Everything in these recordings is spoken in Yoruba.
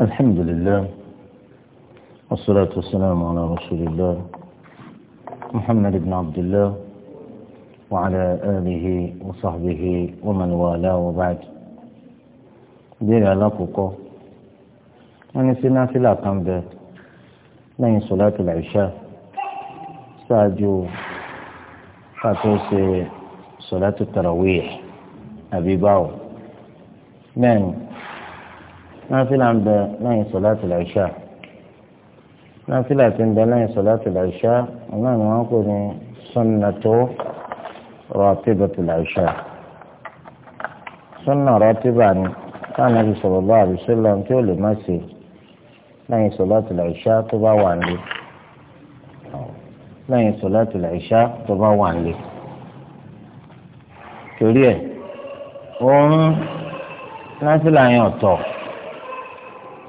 الحمد لله والصلاة والسلام على رسول الله محمد بن عبد الله وعلى آله وصحبه ومن والاه وبعد دير على كوكو أنا سنا في الأقام ده لين صلاة العشاء ساجو فاتوسي صلاة التراويح أبي باو من náfìlà ń bẹ lẹ́yìn sọ̀láàtì láìṣà náfìlà ti ń bẹ lẹ́yìn sọ̀láàtì láìṣà ọ̀nà ni wọ́n pè ní sunnatu ratibatu láìṣà sunna ratiba ni káàní ibi sallallahu alaihi wasallam tí ó lè má ṣe lẹ́yìn sọ̀láàtì láìṣà tó bá wà nílé lẹ́yìn sọ̀láàtì láìṣà tó bá wà nílé torí ẹ̀ òun náfìlà yẹn ọ̀tọ̀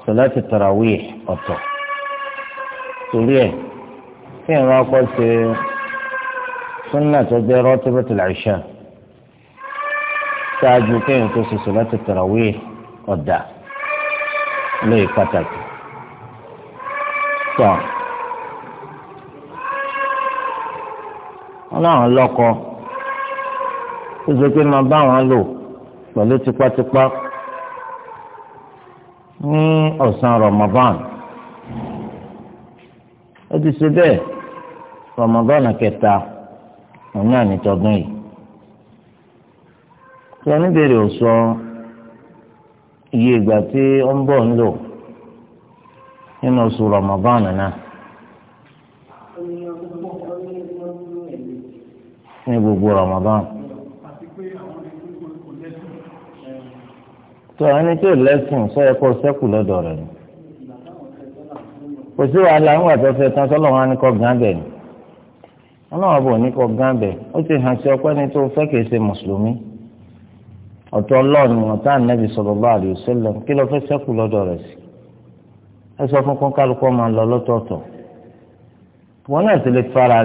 sọláàtì tarawih ọ̀tọ̀ torí ẹ̀ kí ẹ̀rọ akọ́ ṣe súnà tó jẹ́ rọ́tìbẹ̀tìlà ìṣá ṣáájú kí ẹ̀rọ tó ṣe sọláàtì tarawih ọ̀dà lóye pàtàkì. tọ́ ọlọ́run lọ́kọ ó ṣe pé máa bá wọn lò pẹ̀lú tipátipá. ní ọ̀sán Ramadan ó ti ṣe Ramadan kẹta òun náà ní tọdún yìí tí wọ́n níbèrè iye ìgbà tí Ramadan náà. ní Ramadan. tó ẹni tó lẹ́sìn sọ́yẹ kó sẹ́kù lọ́dọ̀ rẹ̀ ni kò sí wàhálà ń wà tó fẹ́ tán sọ́lọ́ wọn á ní kọ́ gán bẹ̀ ni ọlọ́wọ́n bò ní kọ́ gán bẹ̀ ó ti hàn sí ọpẹ́ ni tó fẹ́ kìí ṣe mùsùlùmí ọ̀tọ̀ ọlọ́ọ̀ni ọ̀tá ànábì sallallahu alaihi wasallam kí fẹ́ sẹ́kù lọ́dọ̀ rẹ̀ sí ẹ sọ fún lọ lọ́tọ̀ọ̀tọ̀ wọn náà ti lè fara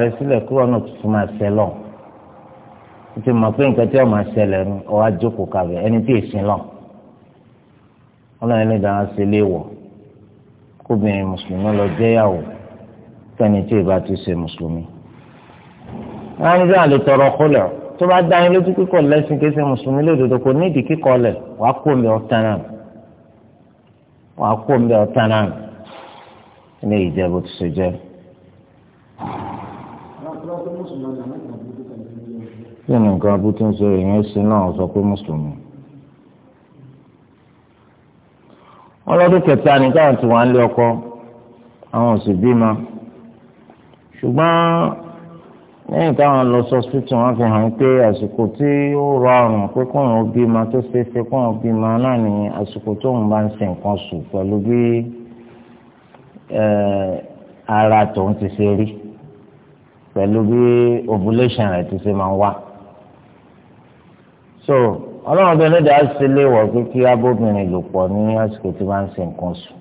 ọlọ́run ẹlẹ́dàá á ṣe léèwọ̀ kóbìnrin mùsùlùmí lọ jẹ́yàwó fẹ́ni tí ìbá ti ṣe mùsùlùmí. wọ́n á ní bí àlè tọrọ kọlẹ̀ tó bá dá yín lójú kíkọ lẹ́sìn kí ṣe mùsùlùmí lódodo kò ní ìdí kíkọ lẹ̀ wà á kó mi ọ̀tá náà wà á kó mi ọ̀tá náà ilé ìjẹ́bù tó ṣe jẹ́. kí ni nǹkan abúté ń sọ èèyàn sí náà sọ pé mùsùlùmí. wọn lọ́dún kẹta ní káwọn tí wọ́n á lé ọkọ àwọn ò sì bímọ ṣùgbọ́n lẹ́yìn táwọn lọ sọ́sítù wọn fi hàn pé àsìkò tí ó rọrùn pé kóun ó bímọ tó ṣeéṣe kóun ó bímọ náà ní àsìkò tóun bá ń ṣe nǹkan sùn pẹ̀lú bí ara tóun ti ṣe rí pẹ̀lú bí ovulation rẹ̀ ti ṣe máa wá. so ọlọ́run bẹ́ẹ̀ lẹ́dàá ṣe léwọ̀ pé kí abóbìnrin lò pọ̀ ní àsìkò tí wọ́n ń ṣe nǹkan sùn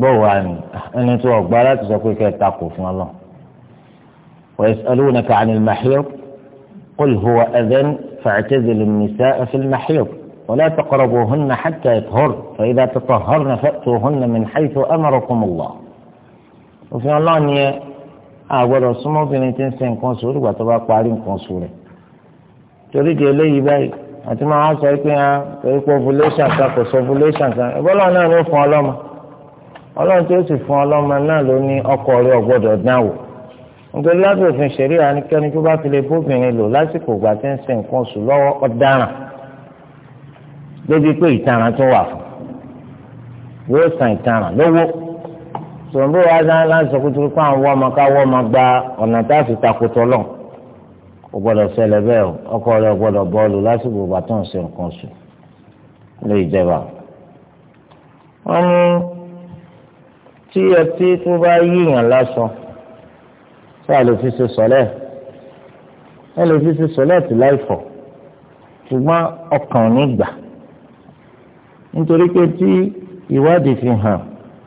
bọ́ọ̀wá ni ẹni tó ọ̀gbá láti sọ pé kẹta kò fún ọlọ́ ويسألونك عن المحيض قل هو أذن فاعتزلوا النساء في المحيض ولا تقربوهن حتى يطهرن فإذا تطهرن فأتوهن من حيث أمركم الله وفي الله ni àgbọ̀dọ̀ súnmọ́ obìnrin tí ń ṣe nǹkan sùn ó dìgbà tó bá parí nǹkan sùn rẹ̀ torí di eléyìí báyìí àti máa ń sọ pé hàn ah, torí pé ovulation kan kò sọ ovulation kan ìbọ́lọ́ náà ló fún ọlọ́mọ ọlọ́run tó sì fún ọlọ́mọ náà ló ní ọkọ rẹ̀ ọgbọ́dọ̀ dán wò nítorí lábẹ́ òfin ṣẹ̀rí àníkẹ́ni tó bá fi lè bóbìnrin lò lásìkò ìgbà tí ń ṣe nǹkan oṣù lọ́wọ́ ọ̀daràn débi pé ìtaràn tó wà fún yóò san ìtaràn lówó sọ̀rọ̀ bí wàá dán láti sọ pé torí pé àwọn ọmọ ká wọ́ ọmọ gba ọ̀nà tá a fi takò tọ́lọ́ọ̀ kò gbọ́dọ̀ ṣẹlẹ̀ bẹ́ẹ̀ o ọkọ rẹ gbọ́dọ̀ bọ́ọ̀lù lásìkò bàtà ń ṣe nǹkan oṣù lè jẹba. wọ́n ní tí ọtí tó bá yíyàn lásán tá a lè fi ṣe sọ̀lẹ́ ẹ lè fi ṣe sọ̀lẹ́ tì láìfọ̀ ṣùgbọ́n ọkàn nígbà nítorí pé tí ìwádìí fi hàn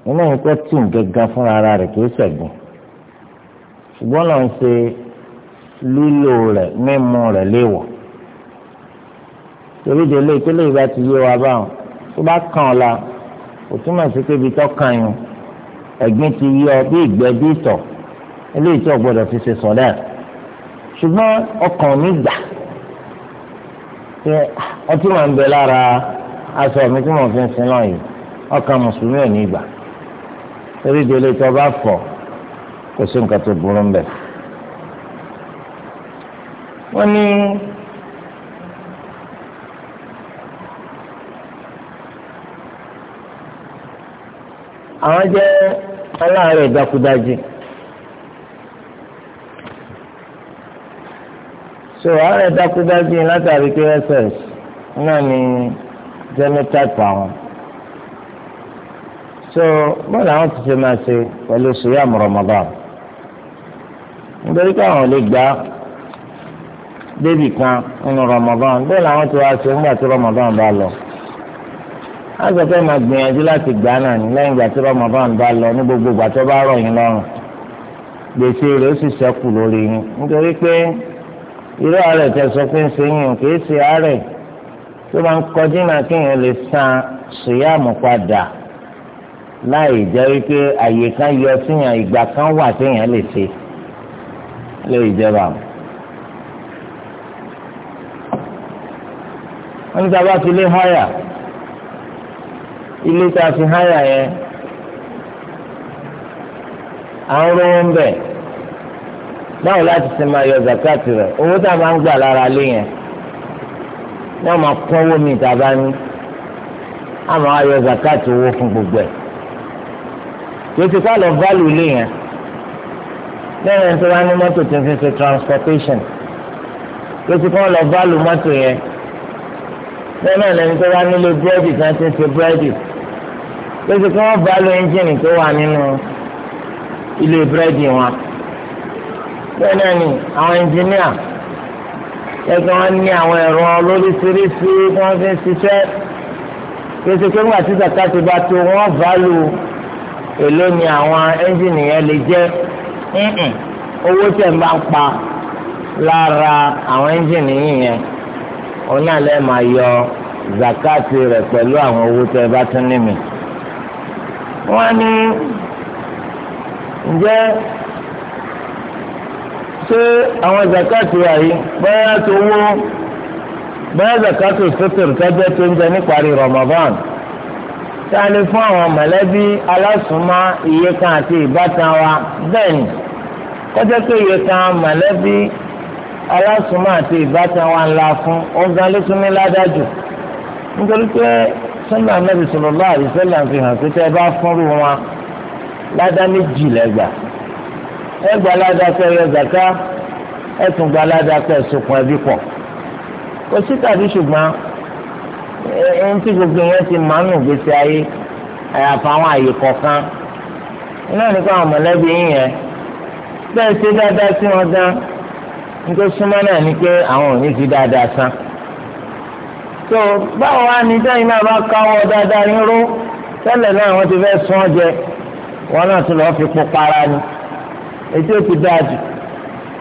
nínú ìpẹ́ tì ń gẹ́gẹ́ fúnra rẹ̀ kì í ṣẹ̀gùn ṣùgbọ́n náà ń ṣe lílo rẹ̀ mímu rẹ̀ léwọ̀ torí délé ìpínlẹ̀ ìbá ti yé wa báwọn tó bá kàn ọ́ la kò túmọ̀ sí pé ibi tó kàn yín ẹ̀gbin ti yí ọ bí ìgbẹ́ bí ìtọ̀ eléyìí tí o gbọ́dọ̀ fi ṣe sọ̀dá ṣùgbọ́n ọkàn mi gbà pé ah, ọtí máa ń bẹ lára aṣọ mi tí mo fi ń sin náà yìí ọkàn mùsùlùmí ò ní gbà torí délé tó bá fọ̀ kò sí nǹkan tó burú ń bẹ wọ́n ní àwọn jẹ́ aláàárẹ̀ ìdákúdájì. so àárẹ̀ ìdákúdájì látàrí kss náà ni genotype àwọn so bọ́ọ̀lù àwọn ti ṣe máa ṣe pẹ̀lú suyam Ramadan nítorí káwọn lè gbà á débì kan nínú Ramadan bẹ́ẹ̀ làwọn ti wá ṣe ńgbà tí Ramadan bá lọ a sọ pé màá gbìyànjú láti gbà náà ní lẹ́yìn ìgbà tí Ramadan bá lọ ní gbogbo ìgbà tó bá rọ̀ yín lọ́rùn gbèsè rẹ̀ ó sì ṣẹ́kù lórí yín nítorí pé irú àárẹ̀ tẹ́ sọ pé ń ṣe yín kìí ṣe àárẹ̀ tó máa ń kọjú náà kéèyàn lè san ṣìyàmù padà láì jẹ́ wípé àyè kan yọ síyàn ìgbà kan wà téèyàn lè ṣe lórí ìjọba wọ́n ní sábà fi lé háyà ilé tá a fi háyà yẹn à ń rówó ń bẹ̀ báwo láti ṣe máa yọ zakati rẹ̀ owó tá a máa ń gbà lára lé yẹn wọ́n máa kún owó mi tá a bá ní a máa zakati owó fún gbogbo ẹ̀ yóò lọ válù lé yẹn lẹ́yìn tí wọ́n á ní mọ́tò tí ń fi ṣe transportation yóò lọ válù mọ́tò yẹn bẹ́ẹ̀ náà lẹ́ni tó bá nílò búrẹ́dì kan ti ń ṣe búrẹ́dì lóṣù kí wọ́n bá lo ẹ́ńjìnì tó wà nínú ilé búrẹ́dì wọn. bẹ́ẹ̀ náà ni àwọn ẹnjìníà ẹgbẹ́ wọn ní àwọn ẹ̀rọ lóríṣiríṣi wọ́n fi ń ṣiṣẹ́ lóṣù kí wọ́n àti zakati bá tó wọ́n bá lo èló ni àwọn ẹ́ńjìnì yẹn lè jẹ́ owó tẹ̀ ń bá ń pa lára àwọn ẹ́ńjìnì yìí yẹn òun náà máa yọ zakati rẹ̀ pẹ̀lú àwọn owó tẹ́ ẹ bá tún ní mi. wọ́n ní ǹjẹ́ ṣé àwọn zakati wà yìí bẹ́ẹ̀ tó wó bẹ́ẹ̀ zakati sọ́tìrì tẹ́jẹ́ tó ń jẹ níparí Ramadan tá a lè fún àwọn mọ̀lẹ́bí alásùnmọ́ iye kan àti ìbátan wa bẹ́ẹ̀ ni kọ́jọ́ pé iye kan mọ̀lẹ́bí alásùnmọ́ àti ìbátan wa ńlá fún ọ̀gá ló tún ní ládájú nítorí pé sọ́nà anábì sallallahu alaihi wasallam fi hàn pé tẹ́ ẹ bá fúnrú wọn ládá méjì lẹ́gbàá ẹ gbà ládá pé ẹ zàká ẹ tún gbà ládá pé ẹ sokùn ẹbí pọ̀ kò sí tàbí ṣùgbọ́n ẹni tí gbogbo yẹn ti máa ń nù gbèsè ayé àyàfà àwọn àyè kọ̀ọ̀kan iná nípa àwọn mọ̀lẹ́bí yìí bẹ́ẹ̀ ṣe dáadáa sí wọn gan nítorí súnmọ́ náà ni pé àwọn ò ní fi dáadáa san. tó báwo wá ní sẹ́yìn náà bá káwọ́ dáadáa yín ró tẹ́lẹ̀ náà wọ́n ti fẹ́ sún ọ́ jẹ wọn náà tún lọ́ọ́ fi pupa ara ni ètò ètò dáa jù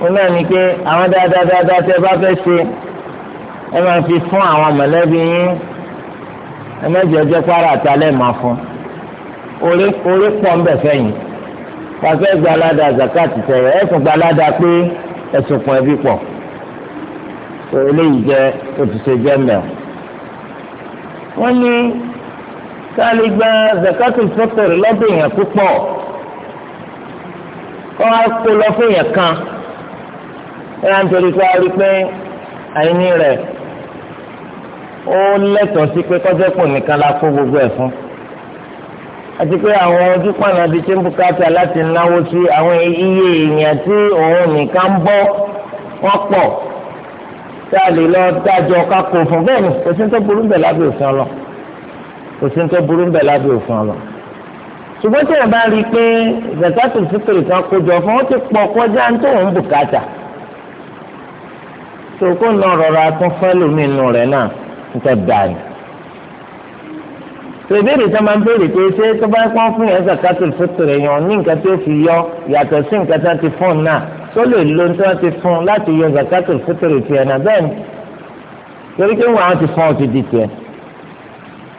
wọn náà ni pé àwọn dáadáa dáadáa tẹ́ bá fẹ́ ṣe ẹ máa fi fún àwọn mọ̀lẹ́bí yín ẹ mẹ́jọ jẹ́ kwara àtàlẹ́ máa fún orí orí pọ̀ ń bẹ̀ fẹ́yìn pàṣẹ gbalada zakati tẹ̀yẹ ẹ fún gbalada pé ẹ̀sùn kan ẹbí pọ̀ eléyìí jẹ́ òtútù jẹ́mẹ̀. wọ́n ní káàlì gba zakatul fitr lọ́dún èèyàn púpọ̀ kọ́ á kó lọ fún èèyàn kan ẹ̀ á ń torí pé a rí pé àìní rẹ̀ ó lẹ́tọ̀ọ́ sí pé kọ́jọ́pọ̀ nìkan la kó gbogbo ẹ̀ fún àti pé àwọn ojú pànàbí tí ń bùkátà láti náwó sí àwọn iye èèyàn tí òun nìkan ń bọ́ wọ́n pọ̀ tá a lè lọ dájọ́ kákó fún bẹ́ẹ̀ ni kò sí ń tó burú ń bẹ̀ lábẹ́ òfin ọlọ kò sí ń tó burú ń bẹ̀ lábẹ́ òfin ọlọ. ṣùgbọ́n tí wọ́n bá rí i pé zakatu fitiri kan kójọ fún wọn ti pọ̀ kọjá ń tó òun bùkátà tòkó náà rọra tún fẹ́ lómi inú rẹ̀ náà ń tọ́ da tó ìbéèrè tó máa ń béèrè pé ṣé tó bá pọ́n fún yẹn zakatul fitr yẹn ní nǹkan tó fi yọ yàtọ̀ sí nǹkan tó ti fún náà tó lè lo tó ti fún láti yọ zakatul fitr tiẹ̀ náà bẹ́ẹ̀ ni torí pé wọn ti fún ọ ti di tiẹ̀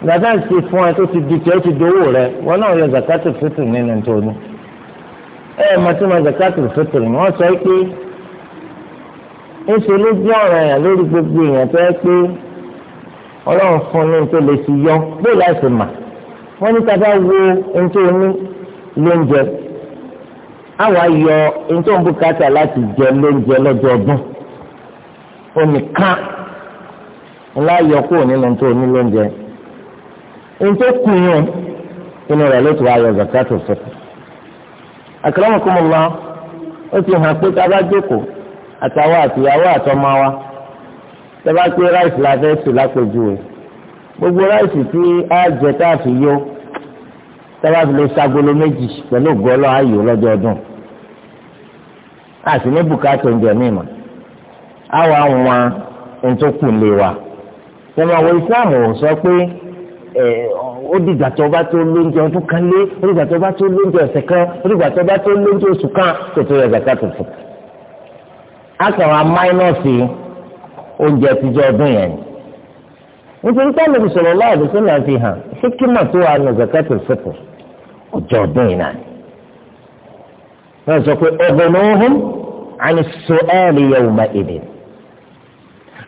gbàdá ti fún ẹ tó ti di tiẹ̀ ó ti dowó rẹ wọn náà yọ zakatul fitr nínú tó ní ẹ ẹ mọtí ma zakatul fitr ni wọn sọ pé ń ló jẹ́ ọ̀ràn ọlọ́run fún ní tó lè fi yọ bó láìsí mà wọ́n ní tàbá wo ohun ní lóúnjẹ yọ ohun ń láti jẹ lóúnjẹ lọ́jọ́ ọdún onìkan ńlá yọ kúrò nínú tó ní lóúnjẹ ohun kù yàn inú rẹ̀ ló ti wá yọ wa ó ti hàn pé tẹ́bá pé ráìsì la fẹ́ sè lápèjúwe gbogbo ráìsì tí a jẹ tá a fi yó tẹ́bá fi lè ṣagolo méjì pẹ̀lú gọ́lọ́ ayò lọ́jọ́ ọdún a sì ní bùkátà oúnjẹ mímọ́ a wà wọn ntòkù lè wa tẹ́lẹ̀ àwọn Islam ò sọ pé ó dìgbà tó bá tó lóúnjẹ ọdún kan lé ó dìgbà tó bá tó lóúnjẹ ọ̀sẹ̀ kan ó dìgbà tó bá tó lóúnjẹ oṣù kan tó tó yẹ zakato a kàn wá máínọ́ọ̀sì yìí oúnjẹ tijọ́ ọdún yẹn ni nítorí táwọn ìṣòro láàbí tó náà fi hàn hikima tó wà ní zakatul fitr ọjọ́ ọdún yìí náà náà sọ pé ọgbọ̀nọ́hún àni sọ́ẹ́ẹ̀lì yawma ìdè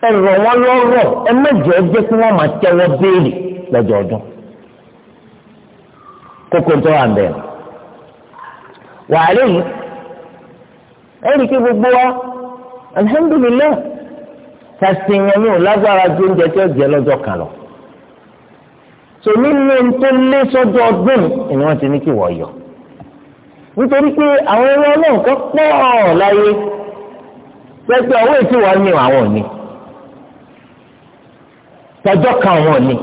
ẹ rọ̀ wọ́n lọ́rọ̀ ẹ mẹ́jọ ẹ jẹ́ kí wọ́n máa tẹ́wọ́ béèrè lọ́jọ́ ọdún kókó tó wà bẹ́ẹ̀ wàhálẹ́ yìí ẹ rí i kí gbogbo wa alhamdulilayi sàṣìyàn mi ò lágbára ju oúnjẹ tí ó jẹ lọ́jọ́ kan lọ tò nínú tó lé sọ́jọ́ ọdún ni wọ́n ti ní kí wọ́n yọ nítorí pé àwọn ẹran náà kan pọ̀ láyé pẹ́pẹ́ owó ètò wọn ní àwọn òní tọjọ́ kan wọn ni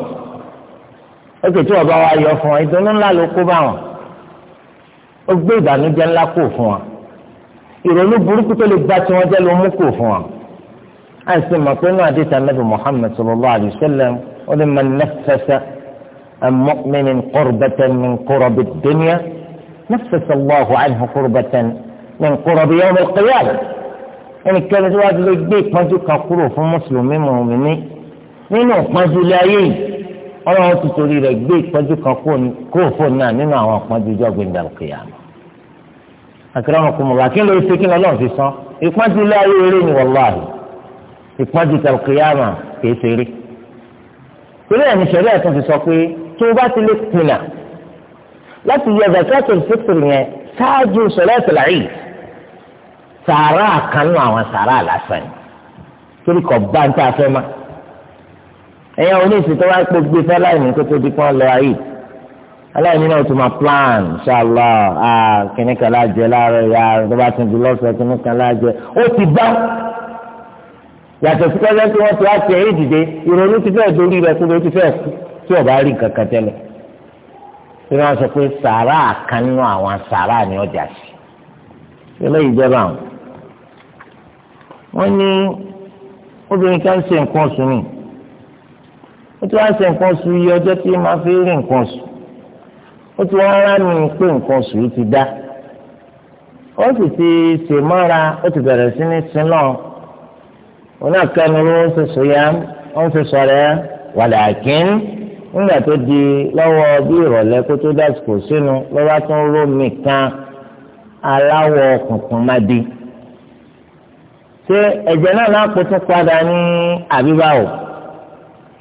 ó kè tí wọ́n bá wa yọ fún wọn ìdùnnú ńlá ló kó bá wọn ó gbé ìbànújẹ́ ńlá kò fún wọn ìrònú burúkú tó lè gba tí wọ́n jẹ́ ló mú kò fún wọn أن ثم قلنا حديث النبي محمد صلى الله عليه وسلم ولمن نفس المؤمن قربة من قرب الدنيا نفس الله عنه قربة من قرب يوم القيامة إن يعني كان جواز البيت ما جوك قروف مسلم منه مني منه ما جلائي أنا أنت تريد البيت ما جوك قروف نانينا وما جوك عند القيامة أكرمكم الله كن لو الله في صح يقول لا يريني والله ìpọ́njú tàlùkìyàmà kìí ṣeré torí ẹ̀mí ṣẹ̀rí ẹ̀ tó fi sọ pé tó bá ti lè pinna láti yọ zakatul fitr yẹn ṣáájú sọlẹ́tìlá yìí sàárà kanú àwọn sàárà lásán yìí torí kọ̀ bá ń tà fẹ́ ma ẹ̀yàn oníṣìí tó wá pé gbé fẹ́ láìní kó tó di pọ́n lọ ayé aláìní náà tó máa plan ṣàlọ́ ah, kìnnìkan lájẹ láàárọ̀ ìyá rẹ̀ tó bá tún di lọ́sọ̀ọ́ kìnnìkan lájẹ ó ti bá yàtọ̀ sí pẹ́ẹ́lẹ́ tí wọ́n ti wá tẹ̀ éjìdé ìrònú ti fẹ́ẹ̀ dórí rẹ̀ kúrò ti fẹ́ẹ̀ tí ọba rí nǹkan kan tẹ́lẹ̀ tí wọ́n sọ pé sàrà kan nínú àwọn sàrà ni ọjà sí eléyìí jẹ́ báwọn. wọ́n ní obìnrin kan ṣe nǹkan oṣù ni ó ti wá ṣe nǹkan oṣù yìí ọjọ́ tí máa fi rí nǹkan oṣù ó ti wá rá ní pé nǹkan oṣù yìí ti dá ó sì ti ṣèmọ́ra ó ti bẹ̀rẹ̀ sí ní sinlọ́ọ̀ هناك كانوا في الصيام أو في الصلاة ولكن nígbà tó di lọ́wọ́ bí ìrọ̀lẹ́ kó tó dásìkò sínú lọ́wọ́ tó ń rómi kan aláwọ̀ kùnkùn má di. ṣé ẹ̀jẹ̀ náà lápò tún padà ní àbíbáwò?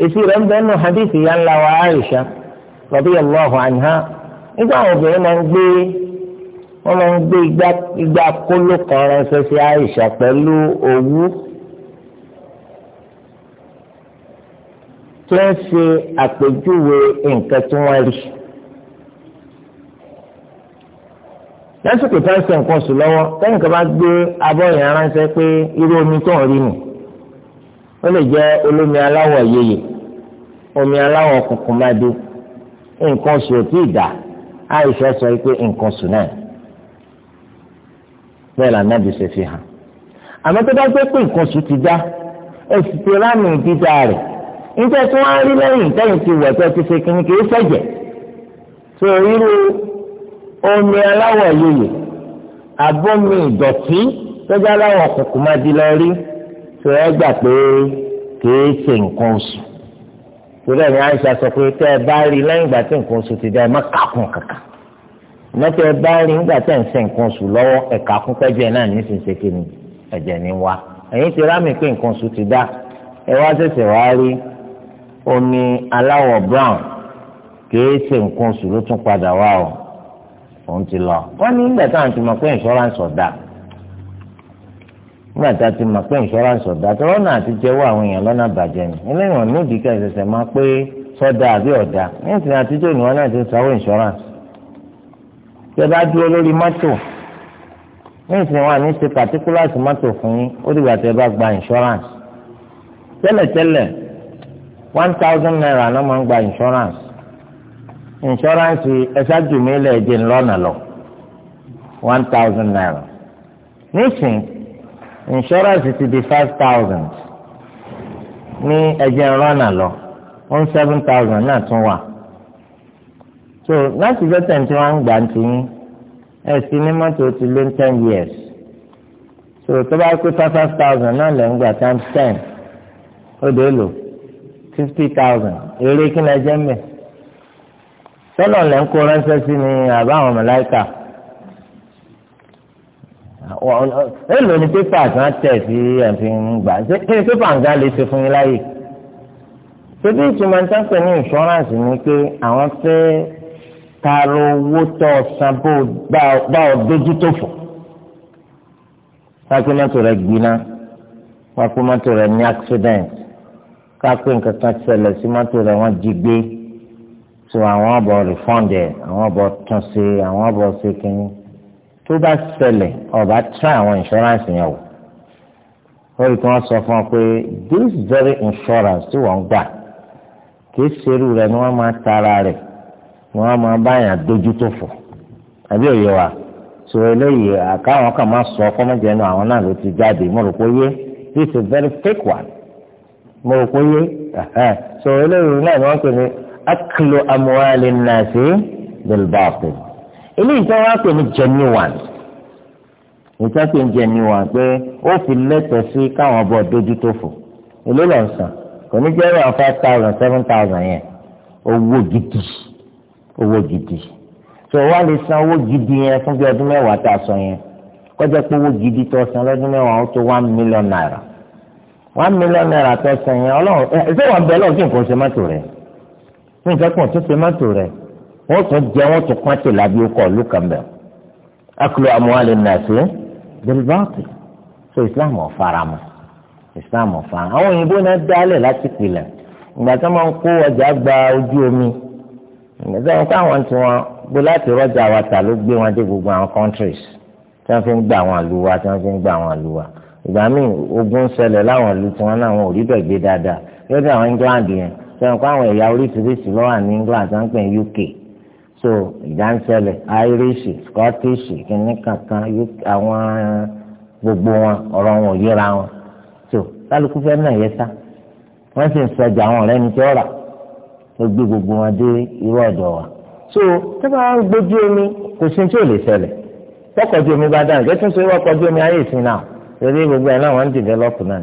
èsì rẹ̀ ń bẹ́ẹ̀ nù hadith ìyá ńlá wa Aisha radiyallahu anha nígbà àwọn obìnrin máa ń gbé wọ́n máa ń gbé igbá kóló kan ránṣẹ́ sí Aisha pẹ̀lú òwú. tó ń ṣe àpèjúwe nǹkan tí wọ́n rí. lásìkò tó ń ṣe nǹkan sùn lọ́wọ́ tẹ́yìn kan bá gbé abọ́ yẹn ránṣẹ́ pé irú omi tó ń rí nù ó lè jẹ́ olómi aláwọ̀ yeye omi aláwọ̀ kùnkùn máa dé nǹkan sùn ò tí ì dà Àìṣà sọ pé nǹkan sùn náà bẹ́ẹ̀ lànàbì ṣe fi hàn àmọ́ tó bá gbé pé nǹkan sùn ti dá èsì ti rámì dídá rẹ̀ níta tí wọ́n á rí lẹ́yìn tẹ́yìn ti wẹ̀ tẹ́ ti ṣe kí ni kì í ṣẹ̀jẹ̀ tó irú omi aláwọ̀ yìí abómi ìdọ̀tí tọ́jú aláwọ̀ kùkù máa di lọ rí tó ẹ gbà pé kì í ṣe nǹkan oṣù torí ẹ̀mí àìsà sọ pé tẹ́ ẹ bá rí lẹ́yìn ìgbà tí nǹkan oṣù ti dá ẹ má kàkún kàkà mọ́tẹ́ ẹ bá rí nígbà tẹ́ ń ṣe nǹkan oṣù lọ́wọ́ ẹ̀ka kún pẹ́jẹ́ náà nísinsìnyí kí ni ẹ̀jẹ̀ ni wá ẹ̀yin ti rámì pé nǹkan oṣù ti dá ẹ wá ṣẹ̀ṣẹ̀ wá rí omi aláwọ̀ brown kìí nǹkan oṣù ló tún padà wá o òun ti lọ. wọ́n ti mọ̀ pé insurance ọ̀dà ti mọ̀ pé insurance ọ̀dà jẹ́wọ́ àwọn èèyàn lọ́nà bàjẹ́ ni eléyìí wọn máa pé sọ́dà àbí ọ̀dà àtijọ́ náà ti ń sanwó insurance. bá dúró lórí mọ́tò wọn àní ṣe mọ́tò fún yín ó dìgbà bá gba insurance tẹ́lẹ̀tẹ́lẹ̀ one thousand naira náà máa ń gba insurance insurance ẹ̀ṣájú mi lè jẹ́ ńlọ́nà lọ one thousand naira nísìn insurance ti di five thousand ní ẹ̀jẹ̀ ńlọ́nà lọ one seven thousand náà tún wà so láti bẹ́tẹ̀ tí wọ́n ń gbà ń tiyín ẹ̀ sí ní mọ́tò ti lé ten years so tó bá pé five thousand náà lè ń gbà times ten ó dé lò fifty thousand èrè kí lè jẹ́ mbẹ́ sọ́nà lẹ́ ń kó ránṣẹ́ sí ni àbá àwọn mọ̀láìkà èlò ni pépà kan tẹ̀ sí ẹ̀fín gbà ṣé kí ni pépà ń ga lè ṣe fún yín láàyè ṣébí ìtumọ̀ ń tán pè ní ìṣọ́ránsì ni pé àwọn fẹ́ taara owó tó san bá ọ dójú tó fò pákó rẹ̀ gbiná pákó rẹ̀ ní accident kápẹ́ nǹkan kan ṣẹlẹ̀ sí mọ́tò rẹ̀ wọ́n jí gbé tó àwọn ọ̀bọ̀ rìfọ́ǹdẹ̀ àwọn ọ̀bọ̀ tún ṣe àwọn ọ̀bọ̀ ṣe kínní tó bá ṣẹlẹ̀ ọ̀bá tra àwọn insurance yẹn wò ó rí i kí wọ́n sọ fún ọ pé this very insurance tí wọ́n gbà kìí ṣerú rẹ̀ ni wọ́n máa tara rẹ̀ ni wọ́n máa báyàn dojú tó fò àbí òye wa So eléyìí àkáwọn kan máa sọ fọmọjẹ náà àwọn náà ló ti jáde mo rò pé yé this is a very fake one mo rò pé so eléyìí náà ni wọ́n pè ní akílò amúhálì nàásì bilbaapì eléyìí tí wọ́n pè ní genuine nǹkan pè ní genuine pé ó fi lẹ́tọ̀ọ́ sí káwọn bọ̀ dojú tó fò èlé lọ sàn kò ní jẹ́ ẹ̀rọ five thousand seven thousand yẹn owó gidi owó gidi so wọ́n lè san owó gidi yẹn fún bí ọdún mẹ́wàá tá a sọ yẹn kọjá pé owó gidi tó san lọ́dún mẹ́wàá ó tó one million naira one million naira tó sàn yẹn ọlọ́run ẹ ṣé wọ́n bẹ lọ́wọ́ kí nǹkan ṣe mọ́tò rẹ̀ kí nǹkan kan tó ṣe mọ́tò rẹ̀ wọ́n tún jẹ́ wọ́n tún pọ́n tè lábí ọkọ̀ ìlú akulu amuhali nàṣẹ eh? bilbaati so islam ọ̀farama islam ọ̀farama àwọn òyìnbó náà dálẹ̀ láti pilẹ̀ ìgbà tó máa ń kó ọjà gba ojú omi ìgbà tó ń kó tí wọn bó láti rọ́jà wa tà ló gbé wọn dé gbogbo àwọn countries tí wọ́n fi ń gba àwọn àlùwà tí wọ́n fi ń gba àwọn àlùwà ìgbà míì ogun ṣẹlẹ̀ láwọn ìlú tí wọ́n náà wọn ò rí bẹ̀ gbé dáadáa lọ́dọ̀ àwọn England yẹn sẹ́wọ̀n kó àwọn ẹ̀yà oríṣiríṣi ló wà ní England tó ń pè ní UK so ìjà ń Irish Scottish kìnnì kankan àwọn gbogbo wọn ọ̀rọ̀ wọn ò yíra wọn so kálukú fẹ́ náà yẹ sá wọ́n sì ń sọjà àwọn ọ̀rẹ́ mi tí ó rà ó gbé gbogbo wọn dé irú ọ̀dọ̀ wa so tó bá ń gbójú omi kò sí tí ò lè ṣẹlẹ̀ tọkọ̀jú omi bá dáhùn jẹ́ tún ṣe wọ́pọ̀jú omi ayé ìsìn náà torí gbogbo ẹ̀ náà wọ́n ń develop náà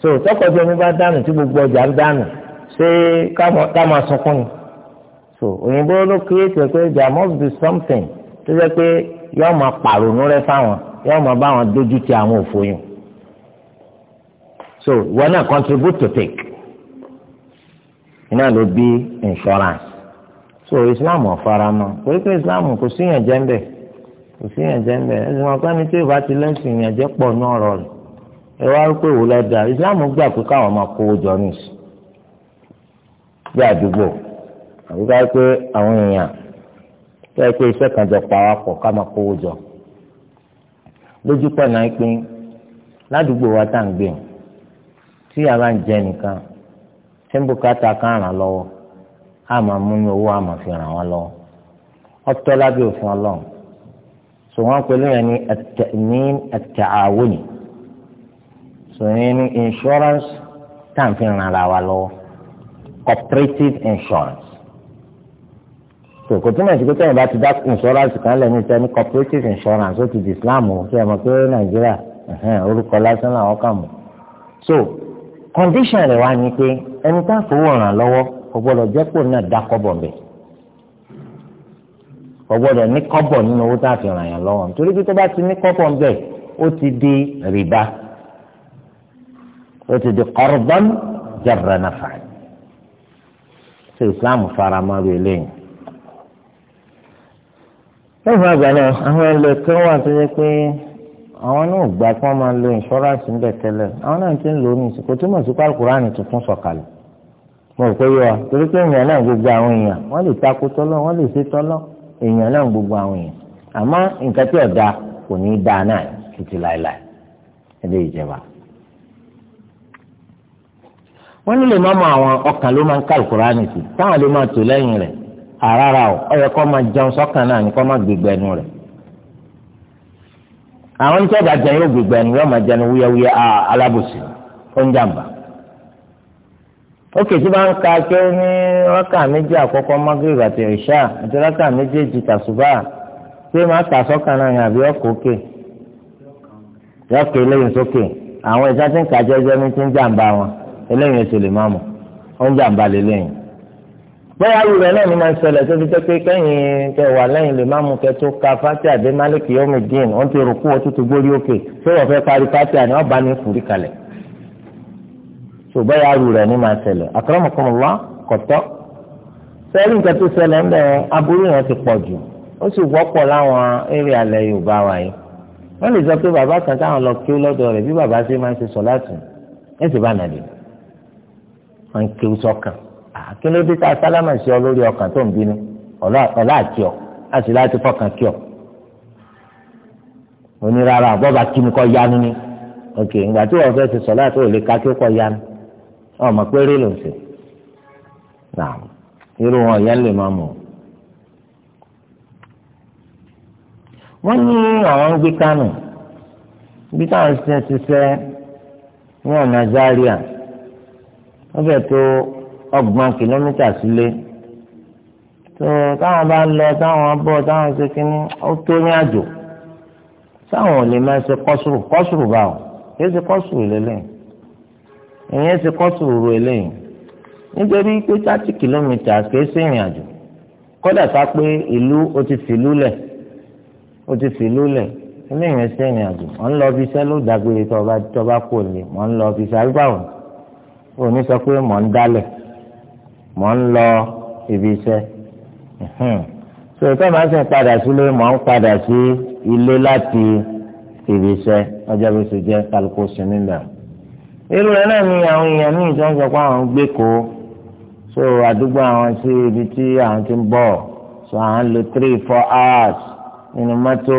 so tọkọtì omi bá dànù tí gbogbo ọjà ń dànù ṣé ká máa sunkún ni so òyìnbó ló create pé there must be something tó jẹ́ pé yóò máa pàrònú rẹ fáwọn yóò máa bá wọn dójú ti àwọn òfòyùn so ìwọ náà contribute to take iná ló bí insurance so Islam ọ̀faramọ́ pé pé Islam kò síyàn jẹ́ ń bẹ́ẹ̀. kò sí ìyànjẹ ńbẹ ẹsìn wọn kọ́ni tí ìbá ti lẹ́sìn ìyànjẹ pọ̀ náà rọ rẹ̀ ẹ wá lọ ìsìláàmù gbà pé káwọn máa kówó jọ nìsí bí àdúgbò àbí ká pé àwọn èèyàn pé iṣẹ́ kan jọ pa ká máa kówó jọ lójú náà ládùúgbò wa tá à ń gbé wọn tí bá ń jẹ nìkan lọ́wọ́ máa mú ní owó máa fi lọ́wọ́ so wọ́n pẹ̀lú yẹn ní at-ta'min at so yẹn ní insurance tá à ń fi ràn ara wa lọ́wọ́ cooperative insurance so kò túmọ̀ sí pé tẹ́yìn bá ti dá insurance kan lẹ́nu iṣẹ́ ní cooperative insurance ó ti di Islam o ṣe é mọ̀ pé Nàìjíríà orúkọ lásán làwọn kà mọ̀ so condition rẹ̀ wá ni pé ẹni tá a fowó ràn lọ́wọ́ kò jẹ́ pò náà dákọ́ bọ̀ bẹ́ẹ̀ kò gbọ́dọ̀ ní kọ́bọ̀ nínú owó tá a fi ràn yàn lọ́wọ́ nítorí pé tó bá ti ní kọ́bọ̀ ń bẹ̀ ó ti di rìbá ó ti di qardan jarra nafa ṣe islam faramọ́ rẹ̀ lẹ́yìn. lẹ́yìn àgbà náà àwọn ẹlẹ́ kan wà tó yẹ pé àwọn náà gbà kí wọ́n máa lo insurance ń bẹ̀ tẹ́lẹ̀ àwọn náà ti ń lò ó ní ìsìnkú tó mọ̀ sí pálukùránì tuntun sọ̀kalẹ̀ mo rò pé yọ torí pé èèyàn náà gbogbo àwọn èèyàn wọ́n lè takò tọ́lọ́ wọ́n lè ṣe tọ́lọ́ èèyàn náà gbogbo àwọn èèyàn àmọ́ nǹkan tí kò ní í dáa náà títí láéláé ẹdẹ ìjẹba. wọn ní lè má mọ àwọn ọkàn ló máa ń ká alukurani sí táwọn lè máa tò lẹ́yìn rẹ àràrà o ọyọ ma máa jẹun náà ní máa ẹnu àwọn yóò ẹnu yóò máa jẹun wúyẹwúyẹ ókè tí wọ́n ka kí ó ní rákà méjì àkọ́kọ́ magreth àti ìṣá àti rákà méjèèjì tàṣùbà pé máa kà sọ́kàn náà yàbí ọkọ̀ òkè yọkè eléyìí sókè àwọn ìṣá tí ń ka jẹ́jẹ́ ní ti ń jàǹbá wọn eléyìí èso lè má mọ̀ ó ń jàǹbá lélẹ́yìn. bóyá ayé rẹ̀ náà ni máa ń ṣẹlẹ̀ tó fi jẹ́ pé kẹ́yìn kẹ wà lẹ́yìn lè má mú kẹ tó ka fati àdé malik yomi ó ti rò kú ó tún ti gbórí òkè tó wọ́n fẹ́ parí fati àná ọba ṣùgbọ́n ya rú rẹ̀ ní máa ṣẹlẹ̀ akramakumullah kọ̀tọ́ sẹ́rí nǹkan tó ṣẹlẹ̀ ń bẹ̀ aburú yẹn ti pọ̀ jù ó sì wọ́pọ̀ láwọn eré alẹ́ yorùbá wa yìí wọ́n lè sọ pé bàbá kan táwọn lọ kí ó lọ́dọ̀ rẹ̀ bí bàbá ṣe máa ń ṣe sọ̀láàtì ẹ̀ sì bá nàdì wọ́n ń kí ó sọ́kàn àkínlódé tá a sálámà sí ọ lórí ọkàn tó ń bínú ọ̀la àti ọ láti láti fọkàn kí ọ onírara àbọ̀bà kí ni kọ́ yanu ni ok ìgbà tí wọ́n fẹ́ ṣe sọ̀láàtì ò lè ká kí ó kọ́ yanu ọmọ péré ló ń ṣe náà irú wọn ìyá lè máa mọ̀ wọ́n ní àwọn ń gbé kánò ibi táwọn ṣe ń ṣiṣẹ́ ní ọ̀nà Zaria wọ́n fẹ́ tó ọgbọ̀n kìlómítà sílé tó táwọn bá lọ táwọn bọ̀ táwọn ṣe kínní ó tó ní àjò táwọn ò lè máa ṣe kọ́sùrù kọ́sùrù báwọn kì í ṣe kọ́sùrù lélẹ́yìn ìyẹn ti kọ́ sùúrù eléyìí nítorí pé thirty kilometres kìí ṣe ìrìn àjò kódà ká pé ìlú o ti fìlú lẹ̀ o ti fìlú lẹ̀ ilé ìrìn ṣe ìrìn àjò ọ̀ ń lọ fi iṣẹ́ ló dàgbére tó ọba tó ọba kò lè mọ̀ lọ fi iṣẹ́ àbíbáwò ò ní sọ pé mọ̀ ń dálẹ̀ mọ̀ ń lọ ibi iṣẹ́ so ìfẹ́ máa ń sìn padà sílé mọ̀ ń padà sí ilé láti ibi iṣẹ́ ọjọ́ bí ṣe jẹ́ kálukú sí nílẹ̀ irú rẹ̀ náà ni àwọn èèyàn ní ìsọ̀nsọ̀ pé àwọn ń gbé kó so àdúgbò àwọn sí ibi tí àwọn ti ń bọ̀ so àwọn ń lo three four hours nínú mọ́tò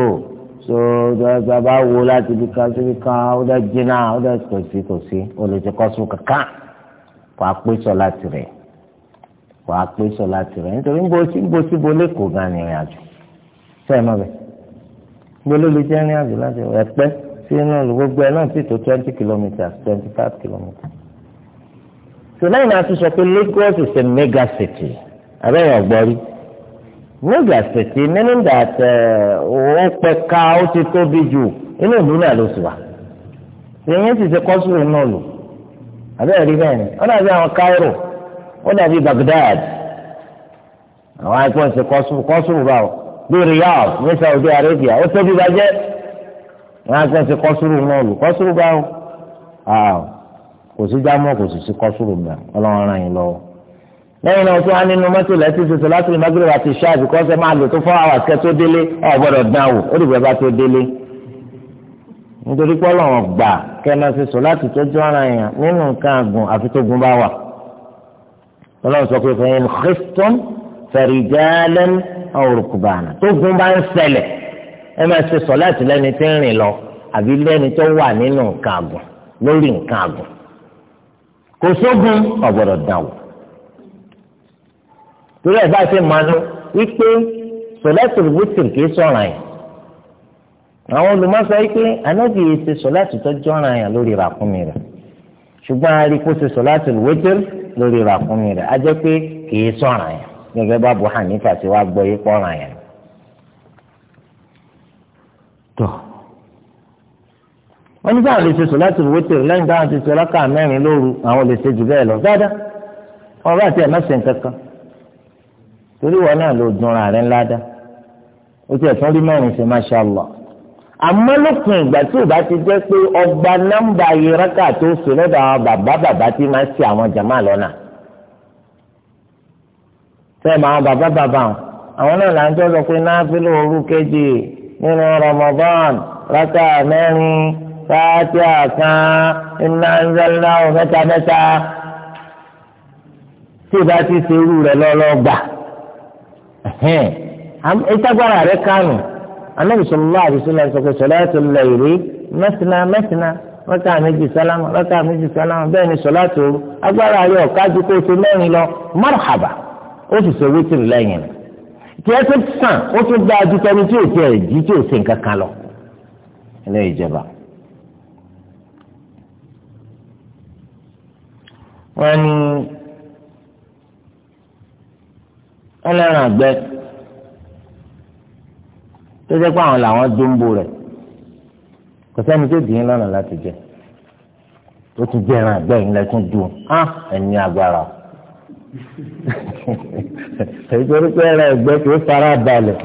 so ìjọba bá wo láti ibi kan síbi kan ó dá jìnnà ó dá kò sí kò sí olùtìkọ́sùn kankan wàá pé sọ láti rẹ̀ wàá pé sọ láti rẹ̀ nítorí ń bo sí ń bo sí bo lẹ́kọ̀ọ́ gan ni ìrìn àjò sẹ́yìn mọ́ bẹ́ẹ̀ gbólóbi jẹ́ ìrìn àjò láti rẹ̀ sí inú gbogbo ẹ náà sì tó twenty kilometres twenty five kilometres. so lẹ́yìn náà tún sọ pé Lagos is a mega city abẹ́yẹn ọ̀gbọ́rí mega city meaning that eh, ó pẹ́ ká ó ti tóbi jù inú ìlú náà ló sì wà èyí sì ṣe kọ́sùrù náà lò abẹ́rẹ́ rí bẹ́ẹ̀ ni ó dàbí àwọn Cairo ó dàbí Baghdad àwọn àìpọ́n ṣe kọ́sùrù kọ́sùrù báwo bí Riyadh ní Saudi Arabia ó tóbi bàjẹ́ wọn á gbọ́n ṣe kọ́sùrù náà lù kọ́sùrù báwo kò sí jámọ́ kò sì sí kọ́sùrù náà ọlọ́run ràn yín lọ́wọ́ lẹ́yìn náà tó wá nínú mọ́tò lẹ́tí ṣoṣo láti ní magreth àti ṣáà bí kọ́sẹ́ máa lò tó fọ́ àwọn àṣẹ tó délé ọ̀ gbọ́dọ̀ dán wò ó dìbò ẹ bá tó délé nítorí pé ọlọ́run gbà kẹ́nà ṣe láti tọ́jú ara yẹn nínú nǹkan àgùn àfi tó gun bá wà ọlọ́run sọ pé ẹ máa ṣe sọ̀láàtì lẹ́ni tí ń rìn lọ àbí lẹ́ni tó wà nínú nǹkan àgùn lórí nǹkan àgùn kò sógun ọ̀gbọ̀dọ̀ dàn wò torí ẹ̀ bá ṣe máa lọ wípé sọ̀láàtì wítìrì kì í sọ̀ràn yìí àwọn olùmọ̀sọ wípé anábì yìí ṣe sọ̀láàtì tó jọ̀ràn yàn lórí ràkúnmí rẹ̀ ṣùgbọ́n a rí kó ṣe sọ̀láàtì wítìrì lórí ràkúnmí rẹ̀ á jẹ́ pé kì í sọ̀ràn yàn gẹ́gẹ́ bá bu hanifa ti wá gbọ́ yìí pọ̀ràn yàn tọ̀ wọ́n ní báwọn lè ṣe sọ láti wítìrì lẹ́yìn táwọn ti ṣe ọlọ́kà mẹ́rin lóru àwọn lè ṣe jù bẹ́ẹ̀ lọ dáadáa wọn bá tiẹ̀ má ṣe nǹkan kan torí wọn náà ló dunra rẹ̀ ńlá dá ó tiẹ̀ tún rí mẹ́rin ṣe máṣá lọ àmọ́ lópin ìgbà tí ò bá ti jẹ́ pé ọgbà nọ́mbà yẹrẹ́kà tó ṣe lọ́dọ̀ àwọn bàbá bàbá tí máa ń ṣe àwọn jàmáà lọ́nà fẹ́ẹ̀ máa bàbá bàbá àwọn náà là ń jọ́ sọ pé náà fi lóorú kéde nínú Ramadan rákà mẹ́rin sáàtì àkàn iná ńlẹ́lá mẹ́ta mẹ́ta tí ìbá ti ṣe irú rẹ̀ lọ́lọ́gbà ìtagbára rẹ̀ kánù anábìsọ̀lá àbísọ̀lá ìsọ̀kọ̀ sọ̀lá ètò ìlẹ̀yìrí mẹ́sìnà sálámà sálámà bẹ́ẹ̀ ni sọ̀lá tó agbára tí ẹ tó sàn ó tún dáa ju tẹni tí ò tiẹ̀ jí tí ò ṣe nǹkan kan lọ ilé ìjọba. wọ́n ní ẹlẹ́rìn àgbẹ̀ tó jẹ́ pé àwọn làwọn dúnbò rẹ̀ kò sẹ́ni tó dín in lọ́nà láti jẹ tó tún jẹ́ ẹran àgbẹ̀ yìí lẹ́tún dùn á ẹni agbára o ìtorí pé ẹ̀rọ ẹ̀gbẹ́ kì í fara balẹ̀